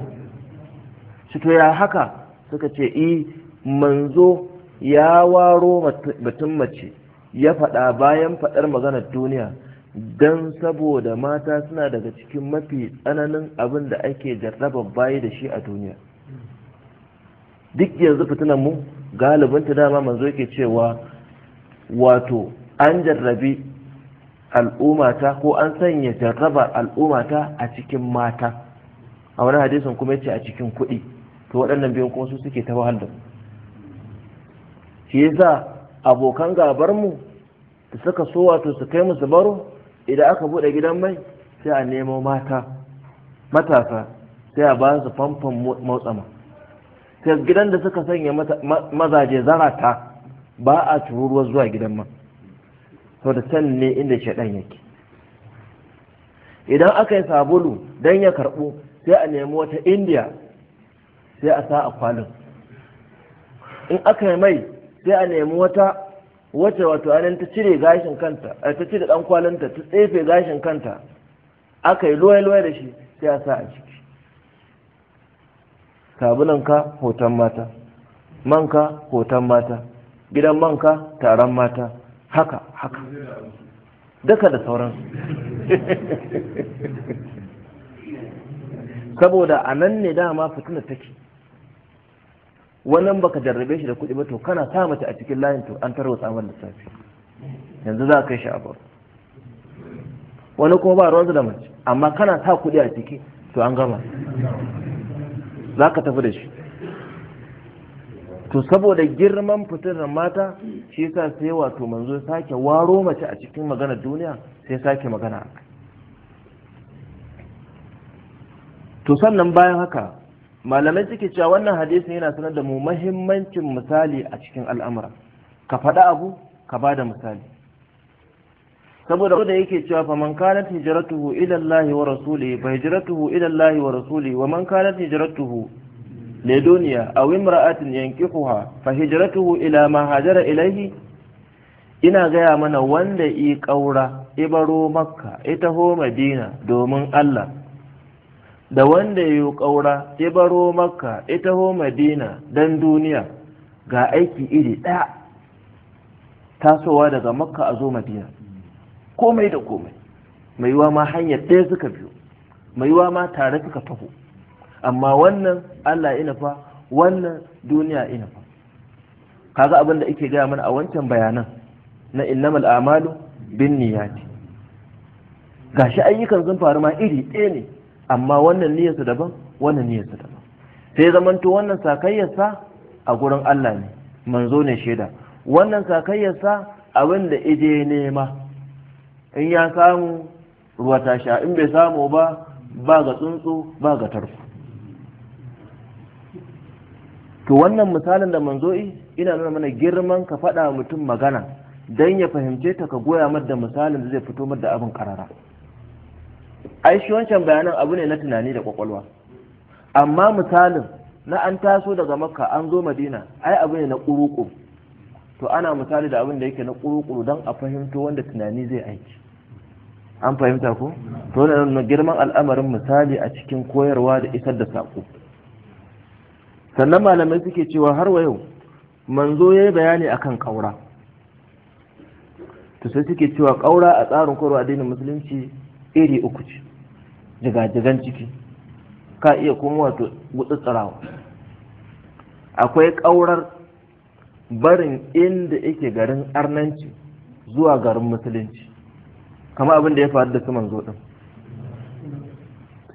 Speaker 1: shi to ya haka suka ce i eh, manzo ya waro mutum mace ya faɗa bayan faɗar maganar duniya don saboda mata suna daga cikin mafi tsananin abin da ake jarraba bayi da shi a duniya duk yanzu fitinan mu galibin ta dama manzo yake cewa wato an jarrabi al'ummata ko an sanya jarraba al'ummata a cikin mata a wani hadisin kuma yace a cikin kuɗi to waɗannan biyun kuma su suke ta wahal shi yasa abokan gabar mu da suka so wato su kai musu baro idan aka bude gidan mai sai a nemo mata matasa sai a ba su famfon motsama sai gidan da suka sanya mazaje zarata ba a tururuwa zuwa gidan man sau da can ne inda shaɗan yake idan aka yi sabulu don ya karɓo sai a nemi wata indiya sai a sa a kwalin in aka yi mai sai a nemi wata wace wato anan ta cire gashin kanta eh, ta cire dan kwalanta ta tsefe gashin kanta aka yi loya loya da shi sai a sa a ciki sabulan ka hoton mata manka hoton mata gidan manka taron mata haka haka daka da sauran saboda a nan ne dama fitina take wannan baka jarrabe shi da kuɗi ba to kana sa mace a cikin layin to an tarwa tsamar lissafi yanzu za ka kai shi a bar wani kuma ba ruwansa da mace amma kana sa kuɗi a ciki to an gama za ka tafi da shi to saboda girman fitirar mata shi yasa sai wato manzo sake waro mace a cikin magana duniya sai sake magana to sannan bayan haka malamai suke cewa wannan hadisin yana sanar da mu mahimmancin misali a cikin al'amura ka faɗa abu ka ba da misali saboda da yake cewa fa man kana hijratuhu ila Allah wa rasulihi fa hijratuhu ila Allah wa rasulihi wa man kana hijratuhu
Speaker 2: li dunya
Speaker 1: aw imra'atin yankihuha fa hijratuhu ila ma hajara ilayhi ina gaya mana wanda i kaura ibaro makka ita ho madina domin Allah da wanda ya yi ƙaura ya baro makka ya taho madina don duniya ga aiki iri ɗaya tasowa daga makka a zo madina komai da komai mai yiwa ma hanyar ɗaya suka biyo mai yiwa ma tare suka taho amma wannan allah ina fa wannan duniya ina fa kaga abin da ake gaya mana a wancan bayanan na innamal amalu bin niyati gashi ayyukan sun faru ma iri ɗaya ne amma wannan niyyarsa daban wannan niyyarsa daban sai zamanto wannan sakayyarsa a gurin Allah ne manzo ne shaida wannan sakayyarsa abin da ije nema in ya samu ruwa ta sha in bai samu ba ba ga tsuntsu ba ga tarko to wannan misalin da manzo'i ina nuna mana girman ka faɗa mutum magana dan ya fahimce ta ka goya mar da misalin da zai fito mar da abin karara ai shi wancan bayanan abu ne na tunani da kwakwalwa amma misalin na an taso daga makka an zo madina ai abu ne na ƙuruƙu to ana misali da abin da yake na ƙuruƙu don a fahimto wanda tunani zai aiki an fahimta ko to na girman al'amarin misali a cikin koyarwa da isar da saƙo sannan malamai suke cewa har wa yau manzo ya yi bayani akan ƙaura to sai suke cewa ƙaura a tsarin koyarwa addinin musulunci iri uku ce jigajigan ciki ka iya kuma wato gutsutsurawa akwai ƙaurar barin inda yake garin arnanci zuwa garin musulunci kama abin da ya faru da su manzo din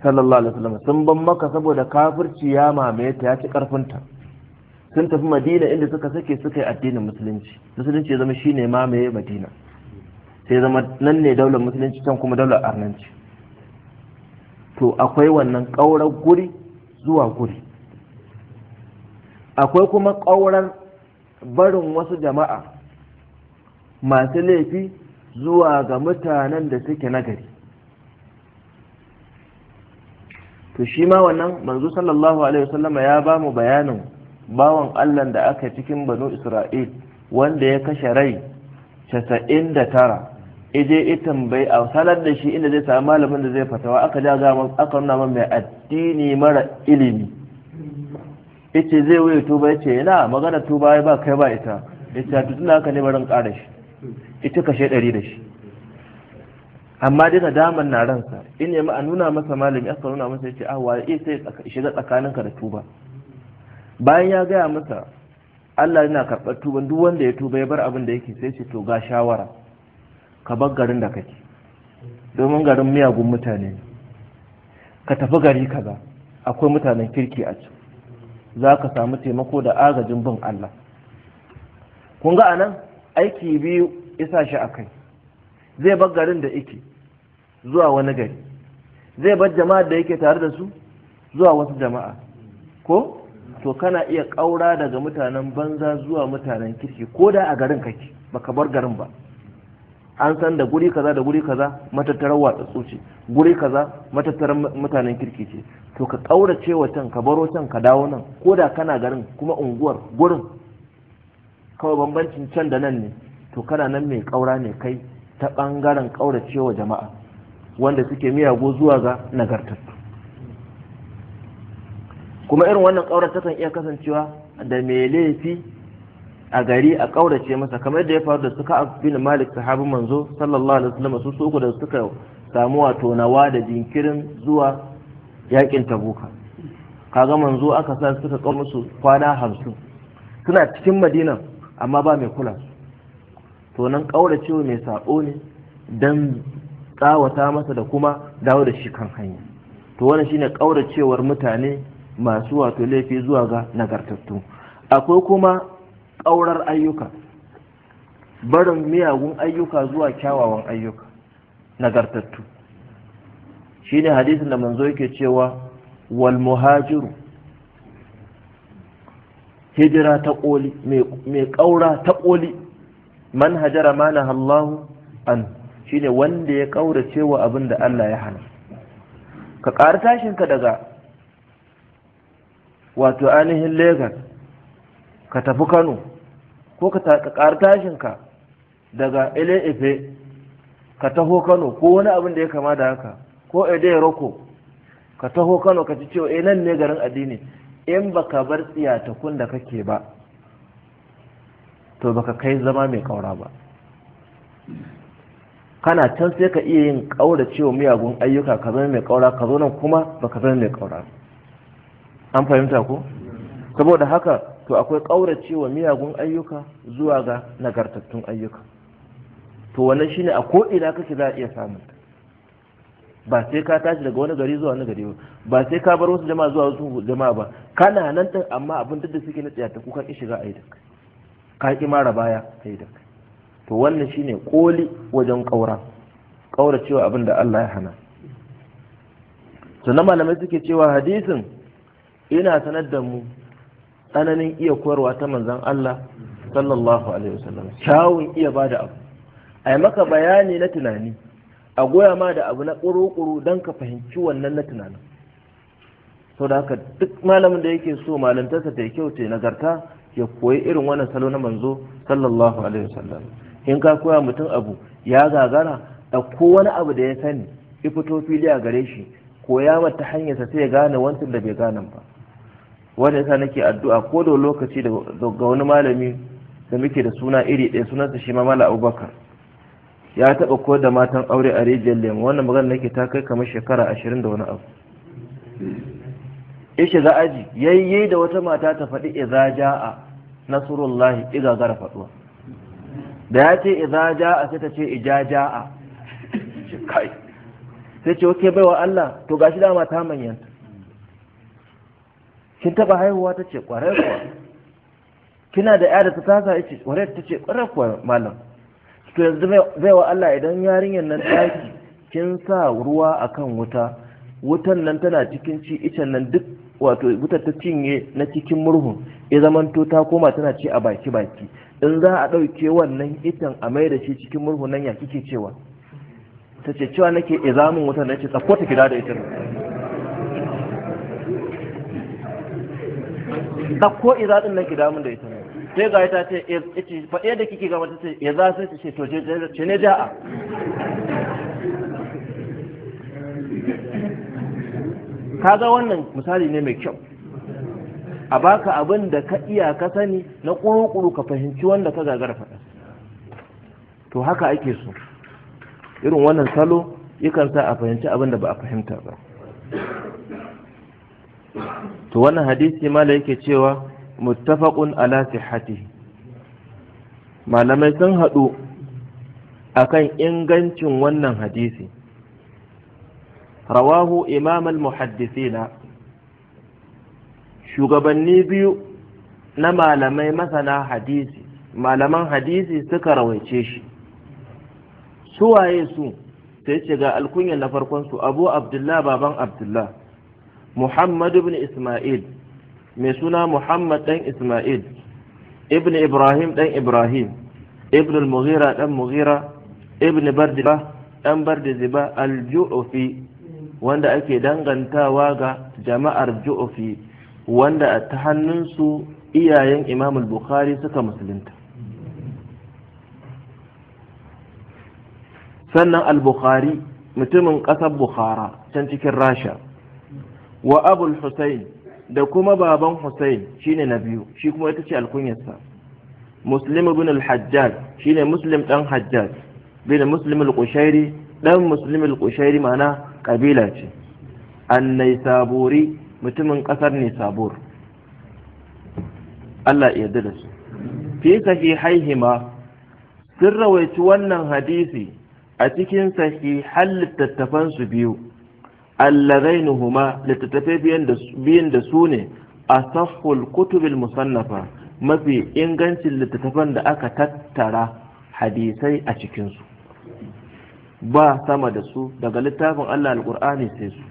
Speaker 1: sallallahu alaihi wasallam sun ban maka saboda kafirci ya mamaye ta ya ci karfinta sun tafi madina inda suka sake suka yi addinin musulunci musulunci ya zama shine mamaye madina sai zama nan ne daular musulunci can kuma daular arnanci to akwai wannan ƙaurar guri zuwa guri akwai kuma ƙaurar barin wasu jama'a masu laifi zuwa ga mutanen da suke nagari to shi ma wannan manzo sallallahu alaihi wasallama ya ba mu bayanin bawan allah da aka cikin banu isra'il wanda ya kashe rai casa'in da tara ije ya tambayi a sanar da shi inda zai sami malamin da zai fatawa aka ja ga aka nuna man mai addini mara ilimi yace zai waye tuba yace yana magana tuba ba kai ba ita yace to tunda haka ne barin ƙara shi ita kashe ɗari da shi amma dai nadaman na ransa in nemi a nuna masa malami aka nuna masa yace ah waye eh, sai shiga tsakaninka da tuba bayan ya gaya masa Allah yana karɓar tuban duk wanda ya tuba ya bar abin da yake sai ce to ga shawara ka bar garin da kake domin garin miyagun mutane ne ka tafi gari kaza akwai mutanen kirki a can za ka samu taimako da agajin bin Allah kun ga anan aiki biyu isa shi a kai zai bar garin da yake zuwa wani gari zai bar jama'ar da yake tare da su zuwa wasu jama'a ko to kana iya ƙaura daga mutanen banza zuwa mutanen kirki ko da a garin kake baka bar garin ba an san da guri kaza da guri kaza matattarar watsatsu ce guri kaza matattarar mutanen kirki ce to ka ƙaurace wa can ka baro can ka dawo nan ko da kana garin kuma unguwar gurin kawai bambancin can da nan ne to kana nan mai kaura ne kai ta ɓangaren ƙauracewa wa jama'a wanda suke miyago zuwa ga nagartattu kuma irin wannan ta kan iya kasancewa da mai laifi a gari a ƙaurace masa kamar da ya faru da suka bin malik sahabin manzo sallallahu alaihi wasallam su su da suka samu wato nawa da jinkirin zuwa yakin tabuka kaga manzo aka sa suka kawo musu kwana hamsin suna cikin madina amma ba mai kula to nan ƙauracewa mai saɓo ne dan tsawata masa da kuma dawo da shi kan hanya to wannan shine ƙauracewar mutane masu wato laifi zuwa ga nagartattu akwai kuma ƙaurar ayyuka barin miyagun ayyuka zuwa kyawawan ayyuka nagartattu shine hadisin da manzo yake cewa wal muhajiru hijira ta ƙoli mai ƙaura ta ƙoli man hajara ma na hallahu an shine wanda ya ƙaura cewa abin da Allah ya hana ka ƙari tashinka daga wato ainihin Legas ka tafi Kano ko ka ƙari tashinka daga ile ife ka taho kano ko wani abin da ya kama da haka ko ede roko ka taho kano ka ci cewa eh nan ne garin addini in baka bar tsiyatakun da kake ba to baka kai zama mai kaura ba kana can sai ka iya yin kaura cewa miyagun ayyuka ka zama mai kaura ka zo nan kuma baka zama mai kaura an fahimta ko saboda haka to akwai ƙaurace wa miyagun ayyuka zuwa ga nagartattun ayyuka to wannan shine a ko ina kake za a iya samun ba sai ka tashi daga wani gari zuwa wani gari ba sai ka bar wasu jama'a zuwa wasu jama'a ba kana nan din amma abin da suke na tsaya ta kukan shiga a yi ka ki mara baya a yi to wannan shine koli wajen ƙaura ƙauracewa abin da Allah ya hana sannan malamai suke cewa hadisin ina sanar da mu tsananin iya koyarwa ta manzan Allah sallallahu alaihi wasallam kyawun iya bada abu a yi maka bayani na tunani a goya ma da abu na kuru-kuru don ka fahimci wannan na tunanin sau da haka duk malamin da yake so malantarsa ta yi kyau ce nagarta ya koyi irin wannan salo na manzo sallallahu alaihi wasallam in ka koya mutum abu ya gagara da ko wani abu da ya sani ifito fili a gare shi koya mata hanyarsa sai ya gane wancan da bai gane ba wanda yasa nake addu'a ko da lokaci ga wani malami da muke da suna iri ɗaya sunansa shi ma mala abubakar ya taɓa koyar da matan aure a rijiyar lemu wannan magana nake ta kai kamar shekara ashirin da wani abu ya shiga aji yayye da wata mata ta faɗi idza ja'a nasrullahi iga gara faɗuwa da ya ce idza ja'a sai ta ce ija ja'a
Speaker 2: kai
Speaker 1: sai ce wake baiwa Allah to gashi dama ta manyan kin taba haihuwa ta ce kwarai kuwa kina da ya da ta tasa ya ce kwarai ta ce kwarai kuwa malam to yanzu bai wa Allah idan yarinyar nan taki kin sa ruwa akan wuta wutan nan tana cikin ci icen nan duk wato wutar ta cinye na cikin murhun ya zamanto ta koma tana ci a baki baki in za a ɗauke wannan itan a mai da shi cikin murhun nan ya kike cewa ta ce cewa nake izamin eh, wutar na ce tsakko ta gida da ita da ko iza din nan ki damun da ita sai ga ta ce yace eh, fa eh da kike gaba ta ce ya eh za sai ta ce to ce ne da'a kaga wannan misali ne mai kyau a baka abin da ka iya ka sani na ƙuruƙuru ka fahimci wanda ka gagara faɗa to haka ake so irin wannan salo yakan sa a fahimci abin da ba a fahimta ba to wannan hadisi mala yake cewa muttafaqun ala sihhati malamai sun haɗu akan ingancin wannan hadisi rawahu imam al-muhaddisina shugabanni biyu na malamai masana hadisi malaman hadisi suka rawaice shi Su waye su sai ce ga alkunyar na farkon su abu abdullah baban abdullah muhammad ibn isma'il mai suna muhammad dan isma'il ibn ibrahim dan ibrahim ibn al-mughira dan mughira ibn bardiba dan bardiziba al wanda ake dangantawa ga jama'ar ju'fi wanda ta hannunsu iyayen imam al suka musulunta sannan al-bukhari mutumin ƙasar bukhara can cikin rasha wa abul husayn da kuma baban husayn shine na biyu shi kuma ita ce alkunyarsa muslim ibn al-hajjaj shine muslim dan hajjaj bin muslim al-qushairi dan muslim al-qushairi ma'ana kabila ce an Saburi mutumin kasar sabur. Allah ya yarda da su fi sahihaihima sun rawaici wannan hadisi a cikin sahihan littattafansu biyu huma littattafai biyan da su ne asahul kutubil musannafa mafi ingancin littattafan da aka tattara hadisai a cikinsu ba sama da su daga littafin Allah alkur'ani sai su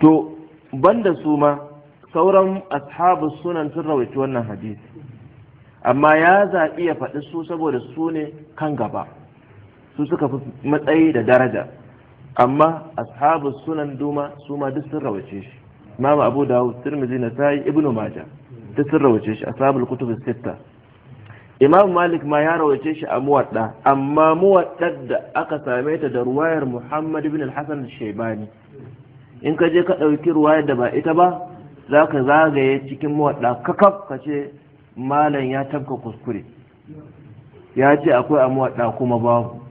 Speaker 1: to banda su ma sauran ashabu sunan sun rawaci wannan hadisi amma ya zaɓi ya faɗi su saboda su ne kan gaba su suka fi matsayi da daraja amma ashabu sunan duma su ma duk sun rawace shi imam abu dawud tirmidhi sai ibnu maja duk sun rawace shi ashabul kutub sitta imam malik ma ya rawace shi a muwadda amma muwaddar da aka same ta da ruwayar muhammad ibn al-hasan shaybani in ka je ka dauki ruwayar da ba ita ba zaka zagaye cikin muwadda kakaf ka ce malam ya tabka kuskure ya ce akwai a muwadda kuma babu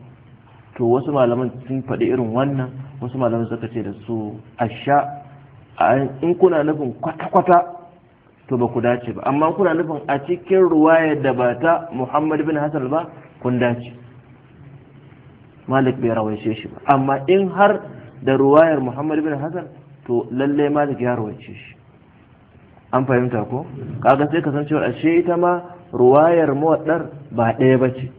Speaker 1: to wasu malaman sun faɗi irin wannan wasu malaman suka ce da su asha in kuna nufin kwata-kwata to ba ku dace ba amma kuna nufin a cikin ruwayar da ba ta muhammad bin hassan ba kun dace malik bai rawaice shi ba amma in har da ruwayar muhammad bin hassan to lallai malik ya rawaice shi an fahimta ko kaga sai kasancewar ashe ita ma ruwayar mawaɗar, ba ɗaya ba ce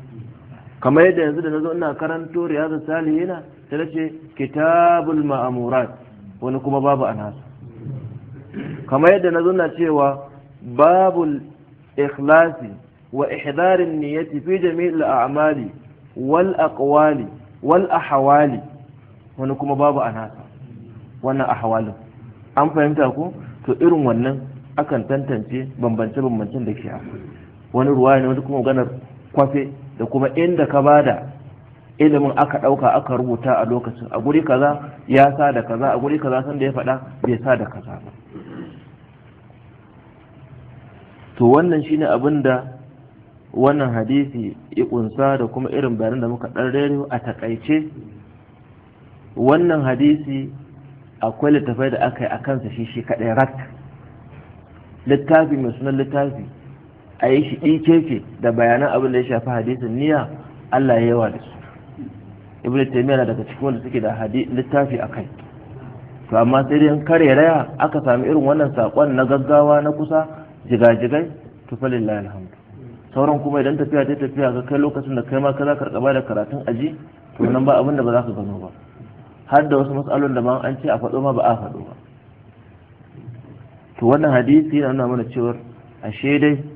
Speaker 1: kamar yadda yanzu da nazo ina karanto riyadu salihina ta ce kitabul ma'amurat wani kuma babu anasu kamar yadda nazo ina cewa babul ikhlasi wa ihdarin niyyati fi jami'il a'mali wal aqwali wal ahwali wani kuma babu anasu wannan ahwali an fahimta ko to irin wannan akan tantance bambance-bambancen da ke a wani ruwa ne wani kuma ganar kwafe da kuma inda ka bada ilimin aka ɗauka aka rubuta a lokacin a guri kaza ya sa da kaza a guri kaza san ya faɗa bai sa da kaza ba to wannan shine abin da wannan hadisi ya kunsa da kuma irin bayanan da muka ɗan rere a takaice wannan hadisi akwai littafai da aka yi a kansa shi shi kaɗai rak littafi mai sunan littafi a yi shi ikeke da bayanan abin da ya shafi hadisin niyya Allah ya yawa da su ibn taymiyyah na daga cikin wanda suke da hadisi littafi kai to amma sai dai kare raya aka sami irin wannan sakon na gaggawa na kusa jigajigai to fa lillahi alhamdu sauran kuma idan tafiya ta tafiya ga kai lokacin da kai ma ka za ka da karatun aji to nan ba abin da ba za ka gano ba har da wasu matsalolin da ma an ce a faɗo ma ba a faɗo ba to wannan hadisi yana nuna mana cewa ashe dai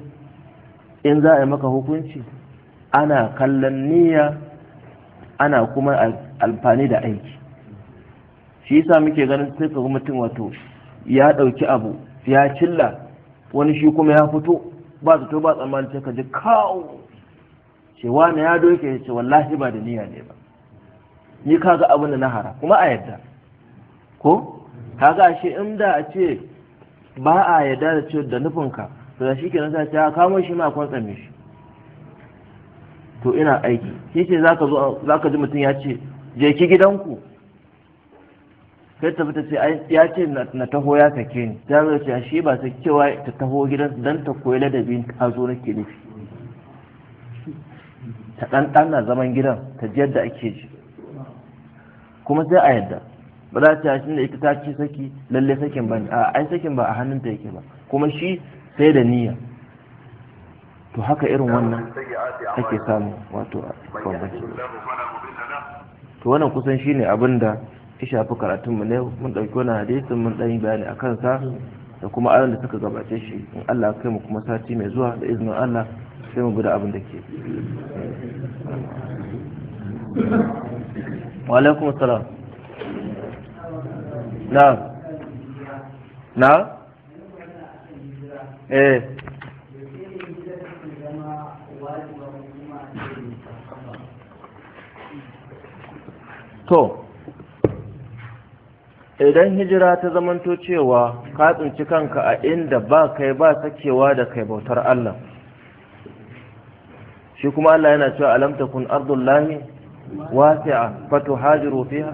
Speaker 1: in za a yi maka hukunci ana kallon niyya ana kuma alfani da aiki shi yasa muke ganin sai ka mutum wato ya ɗauki abu ya cilla wani shi kuma ya fito ba zato ba tsammanin sai ka ji kawo wani ya doke ce wallahi ba da niyya ne ba ni kaga abin da na hara kuma a yadda ko kaga ashe inda a ce ba a yadda da ce da nufinka to da shi ke nan sai ya kamo shi ma tsami shi to ina aiki shi ce za ka ji mutum ya ce je ki gidanku kai ta fita ce ya ce na taho ya sake ni ta zo ce shi ba ta cewa ta taho gidan dan ta koyi ladabi ta zo nake nufi ta dan na zaman gidan ta ji yadda ake ji kuma sai a yadda ba za ta shi da ita ta ce saki lalle sakin ba a ai sakin ba a hannunta yake ba kuma shi sai da niyya to haka irin wannan ake samu wato a to wannan kusan shine abin da ya shafi karatun mu ne mun ɗauki wani hadisin mun dan yi bayani akan sa da kuma ayoyin da suka gabace shi in Allah kai mu kuma sati mai zuwa da izinin Allah sai mu gudu abin da ke wa na na eh to idan hijira ta zamanto cewa ka tsinci kanka a inda ba kai ba sakewa da kai bautar Allah shi kuma Allah yana cewa alam takun ardullahi wasi'a fatuhajiru fiha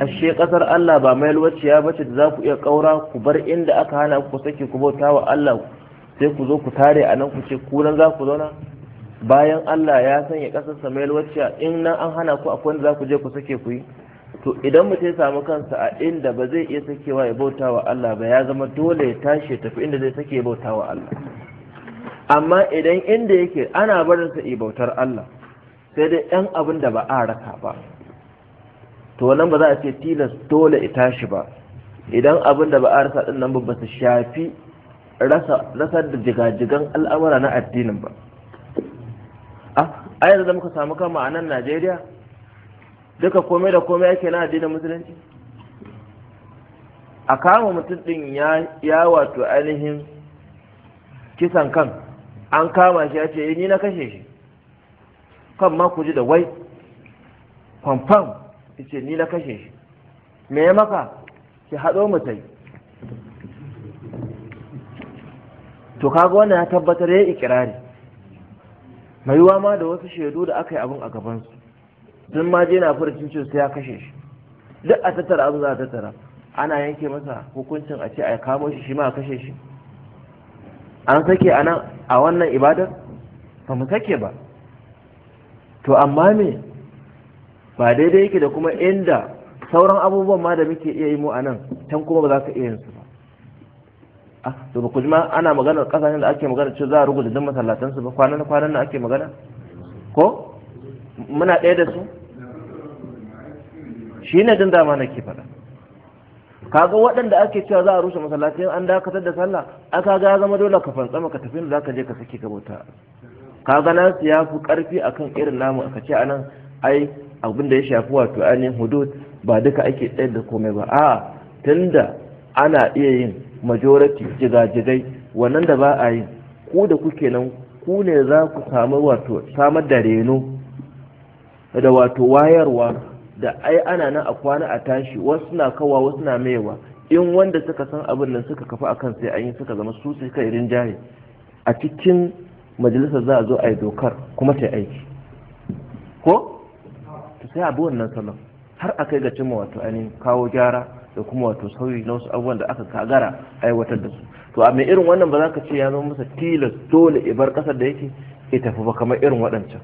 Speaker 1: ashe kasar Allah ba mai ba ce da za ku iya kaura ku bar inda aka hana ku sake ku bauta wa Allah sai ku zo ku tare a nan ku ce ku nan za ku zauna bayan Allah ya sanya kasar sa mai lwaciya in nan an hana ku akwai wanda za ku je ku sake ku yi to idan mutum ya samu kansa a inda ba zai iya sakewa ya bauta wa Allah ba ya zama dole ya tashi ya tafi inda zai sake ya bauta wa Allah amma idan inda yake ana barinsa ibautar Allah sai dai 'yan abin da ba a raka ba to wannan ba za a ce tilas dole ita shi ba idan abin da ba a rasa din nan ba su shafi rasa da jigajigan al'amura na addinin ba a yanzu da muka samu kan a najeriya duka komai da komai ake na addinin musulunci a kama mutum ɗin ya wato ainihin kisan kan an kama shi ya ce eh, ni na kashe shi kan ma ku ji da wai kwamfam ce ni na kashe shi me ya maka ki haɗo mu tai to kaga wannan ya tabbatar ya ikirari mai yiwa ma da wasu shaidu da aka yi abin a gabansu sun ma je na furcin cin sai ya kashe shi duk a tattara abin za a tattara ana yanke masa hukuncin a ce a kamo shi shi ma a kashe shi an sake a nan a wannan ibadar ba mu sake ba to amma me ba daidai yake da kuma inda sauran abubuwan ma da muke iya yi mu a nan can kuma ba za ka iya yin su ba a ah, to ba kuma ana maganar kasashen da ake magana cewa za a rubuta duk masallatan su ba kwanan kwanan nan ake magana ko muna ɗaya da su shine din dama nake faɗa kaga waɗanda ake cewa za a rushe masallaci an dakatar da sallah aka ga zama dole ka fantsa ka tafi da zaka je ka saki ka bauta kaga nan ya fi karfi akan irin namu aka ce anan ai abin da ya shafi wato ainihin hudud ba duka ake tsayar da komai ba a tunda ana iya yin majority jigajigai wannan da ba a yi ku da kuke nan ku ne za ku samu wato samar da reno da wato wayarwa da ai ana nan a kwana a tashi wasu na kawa wasu na maiwa in wanda suka san abin nan suka kafa akan sai an yi suka zama su sai kai rinjaye a cikin majalisar za a zo a yi dokar kuma ta aiki ko to sai abuwan nan wannan salon har a kai ga cimma wato ainihin kawo gyara da kuma wato sauyi na wasu abubuwan da aka kagara aiwatar da su to a mai irin wannan ba za ka ce ya zama masa tilas dole ibar kasar da yake ya tafi ba kamar irin waɗancan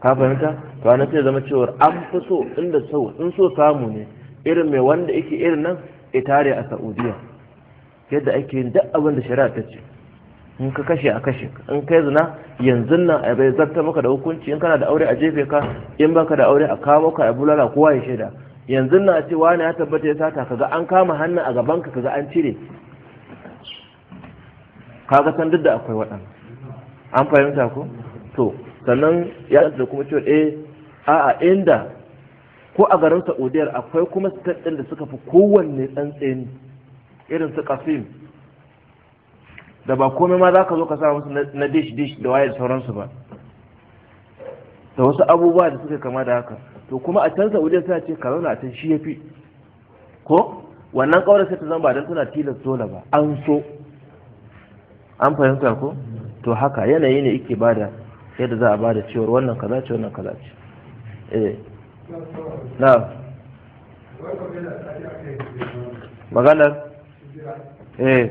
Speaker 1: ka fahimta to anan sai zama cewa an fi so inda sau in so samu ne irin mai wanda yake irin nan ya a saudiya yadda ake yin duk abin da shari'a ta ce in ka kashe a kashe in kai zina yanzu nan a bai zarta maka da hukunci in kana da aure a jefe ka in baka da aure a kawo ka a bulala kowa ya shaida yanzu nan a ce wani ya tabbata ya sata kaga an kama hannun a gaban ka kaga an cire kaga san duk da akwai waɗanda an fahimta ko to sannan ya da kuma cewa eh a'a inda ko a garin Saudiyar akwai kuma state da suka fi kowanne tsantseni irin su Qasim da ba komai ma za ka zo ka sa musu na dish dish da waye da sauransu ba da wasu abubuwa da suka kama da haka to kuma a can saudiya suna ce ka zauna a can shi ya fi ko wannan kawar sai ta zama ba don tana tilas dole ba an so an fahimta ko to haka yanayi ne yake bada yadda za a bada cewar wannan kaza ce wannan kaza ce eh. na maganar eh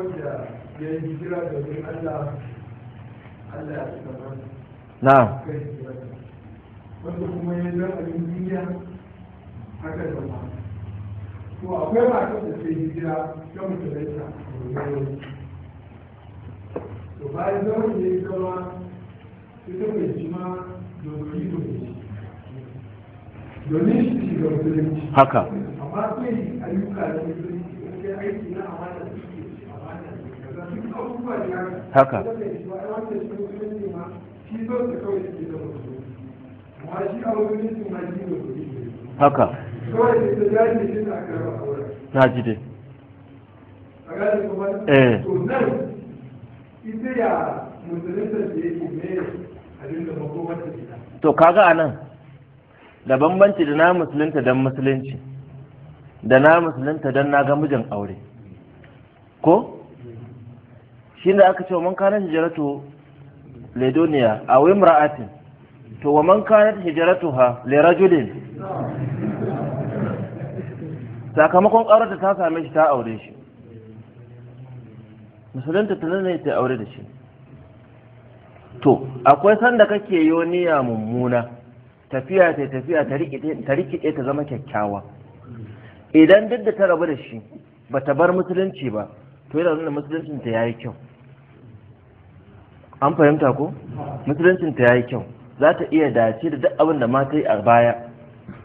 Speaker 2: wanda ya yi hijira domin Allah Allah ya tsara wanda kuma ya zan duniya haka da to akwai masu da ke hijira ta mutunta to bayan zaman da ya zama ita mai jima domin domin shi ga musulunci haka amma sai ayyuka da musulunci aiki na amana haka haka na ji dai eh
Speaker 1: to kaga a nan, da bambanci da na musulunta don musulunci da na musulunta don na ga mijin aure ko shi da aka ce wa man kanar hijaratu ledoniya a wimra'atin to wa man kanar hijaratu ha lerajulin sakamakon ƙaurata da ta same shi ta aure shi musulunta tunan ne ta aure da shi to akwai sanda kake yoniya mummuna tafiya ta tafiya ta rikide ta zama kyakkyawa idan duk da ta rabu da shi ba ta bar musulunci ba to yana nuna musuluncin ta yayi kyau an fahimta ko musuluncin ta yayi kyau za ta iya dace da duk abin da ma ta yi a baya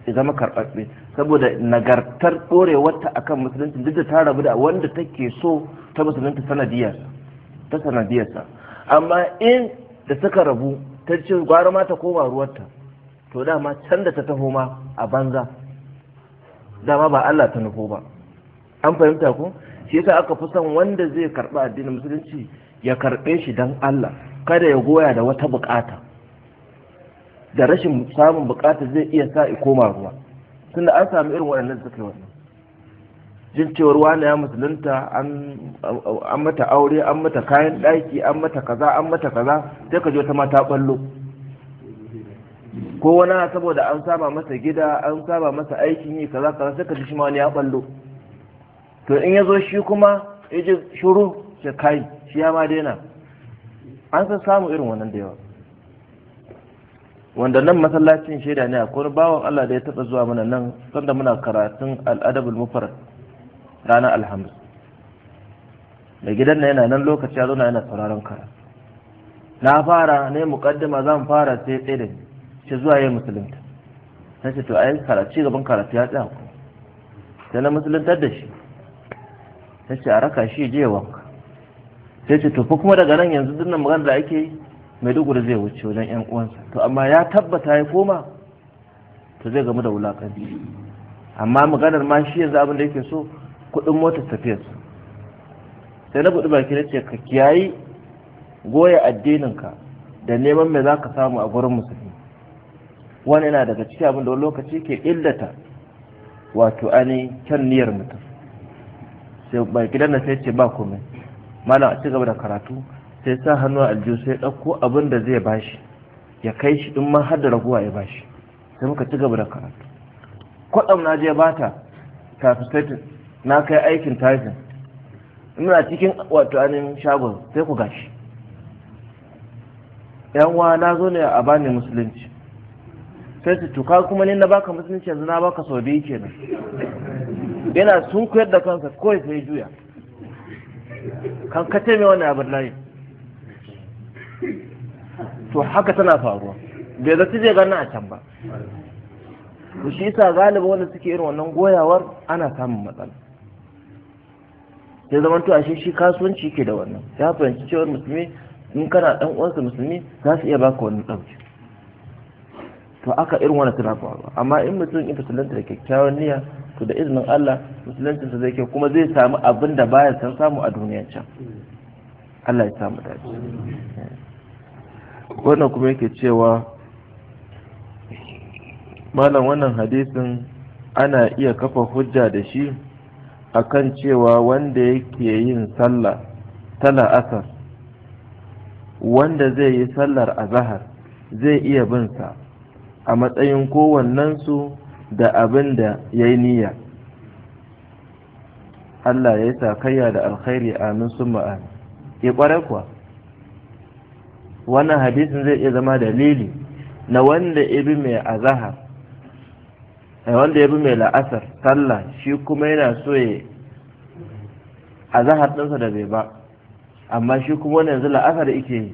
Speaker 1: ya zama karɓaɓɓe saboda nagartar ɗorewarta akan musulunci duk da ta rabu da wanda take so ta musulunta sanadiyarsa ta amma in da suka rabu ta ce gwara ma ta koma ta to dama can da ta taho ma a banza dama ba Allah ta nufo ba an fahimta ko shi yasa aka fi son wanda zai karɓi addinin musulunci ya karɓe shi don Allah kada ya goya da wata bukata da rashin samun bukata zai iya sa i koma ruwa tunda an sami irin waɗannan suka yi wannan jin cewar wani ya musulunta an mata aure an mata kayan ɗaki an mata kaza an mata kaza sai ka je ta mata ballo ko wani saboda an saba masa gida an saba masa aikin yi kaza kaza sai ka ji shi ma wani ya ballo to in ya zo shi kuma ya ji shuru ce kai shi ya ma daina an san samu irin wannan da yawa wanda nan masallacin shaida ne akwai bawan Allah da ya taɓa zuwa mana nan sanda muna karatun al'adabul mufarad ranar alhamis da gidan na yana nan lokaci ya zauna yana sauraron kara na fara ne mukaddima zan fara sai tsaye da shi zuwa yin musulunta sai ce to ai karatu gaban karatu ya tsaya ku sai na musuluntar da shi sai ce a raka shi je wanka sai ce to ko kuma daga nan yanzu dinnan magana da ake yi maiduguri zai wuce wajen yan uwansa to amma ya tabbata ya koma to zai gamu da wulakanci amma maganar ma shi yanzu abin da yake so kuɗin motar tafiyar sai na buɗi baki na ce ka kiyayi goya addinin ka da neman mai za ka samu a gurin musulmi wani yana daga cikin abin da wani lokaci ke illata wato ani kyan niyyar mutum sai bai gidan na sai ce ba komai malam a ci gaba da karatu sai sa hannu a aljihu sai ɗauko abin da zai bashi ya kai shi in ma har raguwa ya bashi sai muka ci da karatu kwaɗam na je bata tafisatin na kai aikin tajin ina cikin wato ainihin shagon sai ku gashi yan wa na zo ne a bani musulunci sai su tuka kuma ni na baka musulunci yanzu na baka sau biyu kenan yana sun koyar da kansa kawai sai juya kan kace mai wani abin layi to haka tana faruwa bai zai je gani a can ba to shi yasa galiba wanda suke irin wannan goyawar ana samun matsala sai zaman to ashe shi kasuwanci ke da wannan ya fahimci cewar musulmi in kana dan uwansa musulmi za su iya baka wannan dauki to aka irin wannan tana faruwa amma in mutum in fitilanta da kyakkyawan niyya to da izinin Allah musulunci zai ke kuma zai samu abin da baya san samu a duniya can Allah ya samu dace wannan kuma yake cewa malam wannan hadisin ana iya kafa hujja da shi akan cewa wanda yake yin sallah ta la'asar wanda zai yi sallar azahar zai iya bin sa a matsayin kowannensu da abin da ya yi niyya Allah ya yi takayya da alkhairi amin sun ma'an eh, ke kwarai kuwa wannan hadisin zai iya zama dalili na wanda ya bi mai azahar wanda ya mai la'asar sallah shi kuma yana so ya A zahar ɗinsa da bai ba amma shi kuma wani yanzu la'asar ike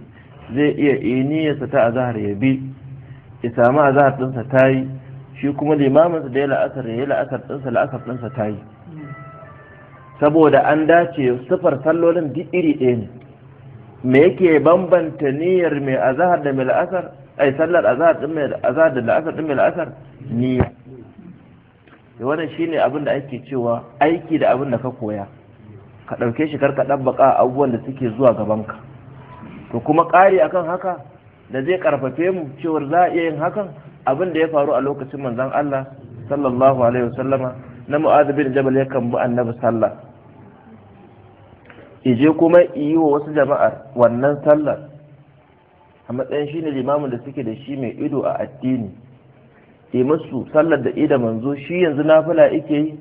Speaker 1: zai iya iniyarsa eh, ta zahar ya bi ya samu zahar ɗinsa ta yi shi kuma limaminsa da ya la'asar ya yi la'asar ɗinsa la'asar ɗinsa ta yi saboda an dace sufar sallolin duk iri ɗaya ne me yake bambanta niyyar mai azahar da mai la'asar ai sallar azahar ɗin mai da la'asar ɗin mai la'asar niyya wannan shine abin da ake cewa aiki da abin da ka koya ka ɗauke shi kar ka ɗabbaka abubuwan da suke zuwa gabanka to kuma ƙari akan haka da zai ƙarfafe mu cewar za a iya yin hakan abin da ya faru a lokacin manzon Allah sallallahu alaihi wasallama na mu'adh bin jabal yakan bi annabi sallah ije kuma yi wa wasu jama'ar wannan sallar a matsayin shine limamin da suke da shi mai ido a addini yi musu sallar da ida manzo shi yanzu nafila yake yi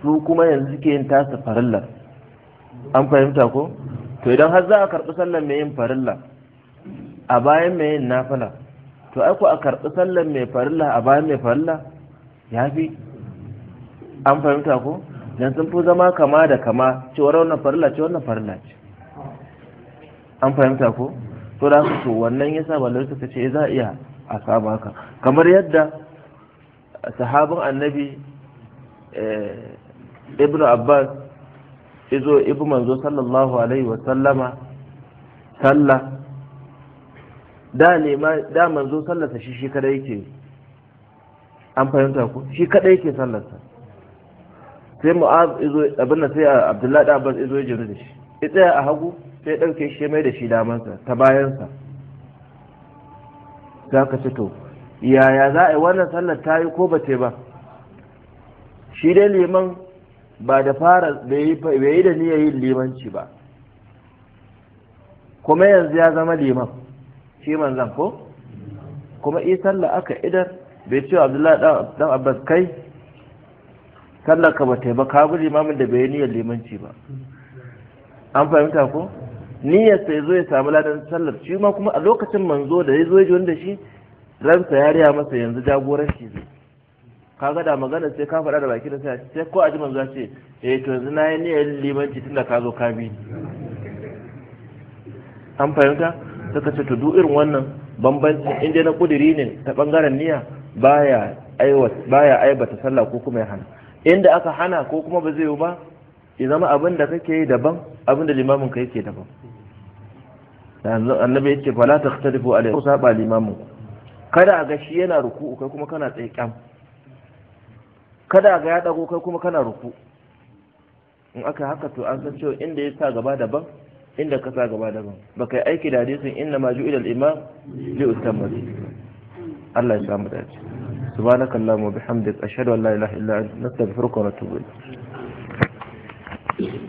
Speaker 1: su kuma yanzu suke yin tasa farilla an fahimta ko to idan har za a karɓi sallar mai yin farilla a bayan mai yin nafila to ai a karɓi sallar mai farilla a bayan mai farilla ya fi an fahimta ko dan sun fi zama kama da kama cewar wannan farilla ce wannan farilla ce an fahimta ko to da su to wannan yasa malamai ta ce eh, za iya a saba haka kamar yadda sahabin annabi eh, ibnu abbas izo ibu manzo sallallahu alaihi wa sallama sallah da manzo sallarsa shi shi kadai yake an fahimta ku shi kadai ke sallarsa sai mu'az izo abin da sai abdullahi da abbas izo ya jiru da shi ya tsaya a hagu sai ɗauke shi mai da shi damansa ta bayansa za ka ci to yaya za a yi wannan sallar ta yi ko ba ce ba shi dai liman ba da fara bai yi da niyayin yin limanci ba kuma yanzu ya zama liman shi manzan ko kuma yi sallah aka idar bai ce abdullahi dan abbas kai sallah ka ba bata ba ka gudu mamun da bai niyyar limanci ba an fahimta ko niyyar sai zo ya samu ladan sallar shi ma kuma a lokacin manzo da ya zo ya ji wanda shi ransa ya riya masa yanzu jagoranci zai ga da magana sai ka faɗa da baki da sai sai ko a ji manzo ce eh to yanzu na yi niyyar limanci tunda ka zo ka bi an fahimta suka ce to duk irin wannan bambancin inda na kudiri ne ta bangaren niyya baya aibata sallah ko kuma ya hana inda aka hana ko kuma ba zai yi ba ya zama abin da kake yi daban abin da limamin ka yake daban annabi ya ce fala taqtarifu alayhi ko saba limamin kada a ga shi yana ruku kai kuma kana tsaye kyam kada a ga ya dago kai kuma kana ruku in aka haka to an san cewa inda ya sa gaba daban inda ka sa gaba daban ba kai aiki da hadisin inna ma ju'ila al-imam li utamma Allah ya samu dace subhanaka allahumma bihamdika ashhadu an la ilaha illa anta nastaghfiruka wa natubu
Speaker 2: ilayk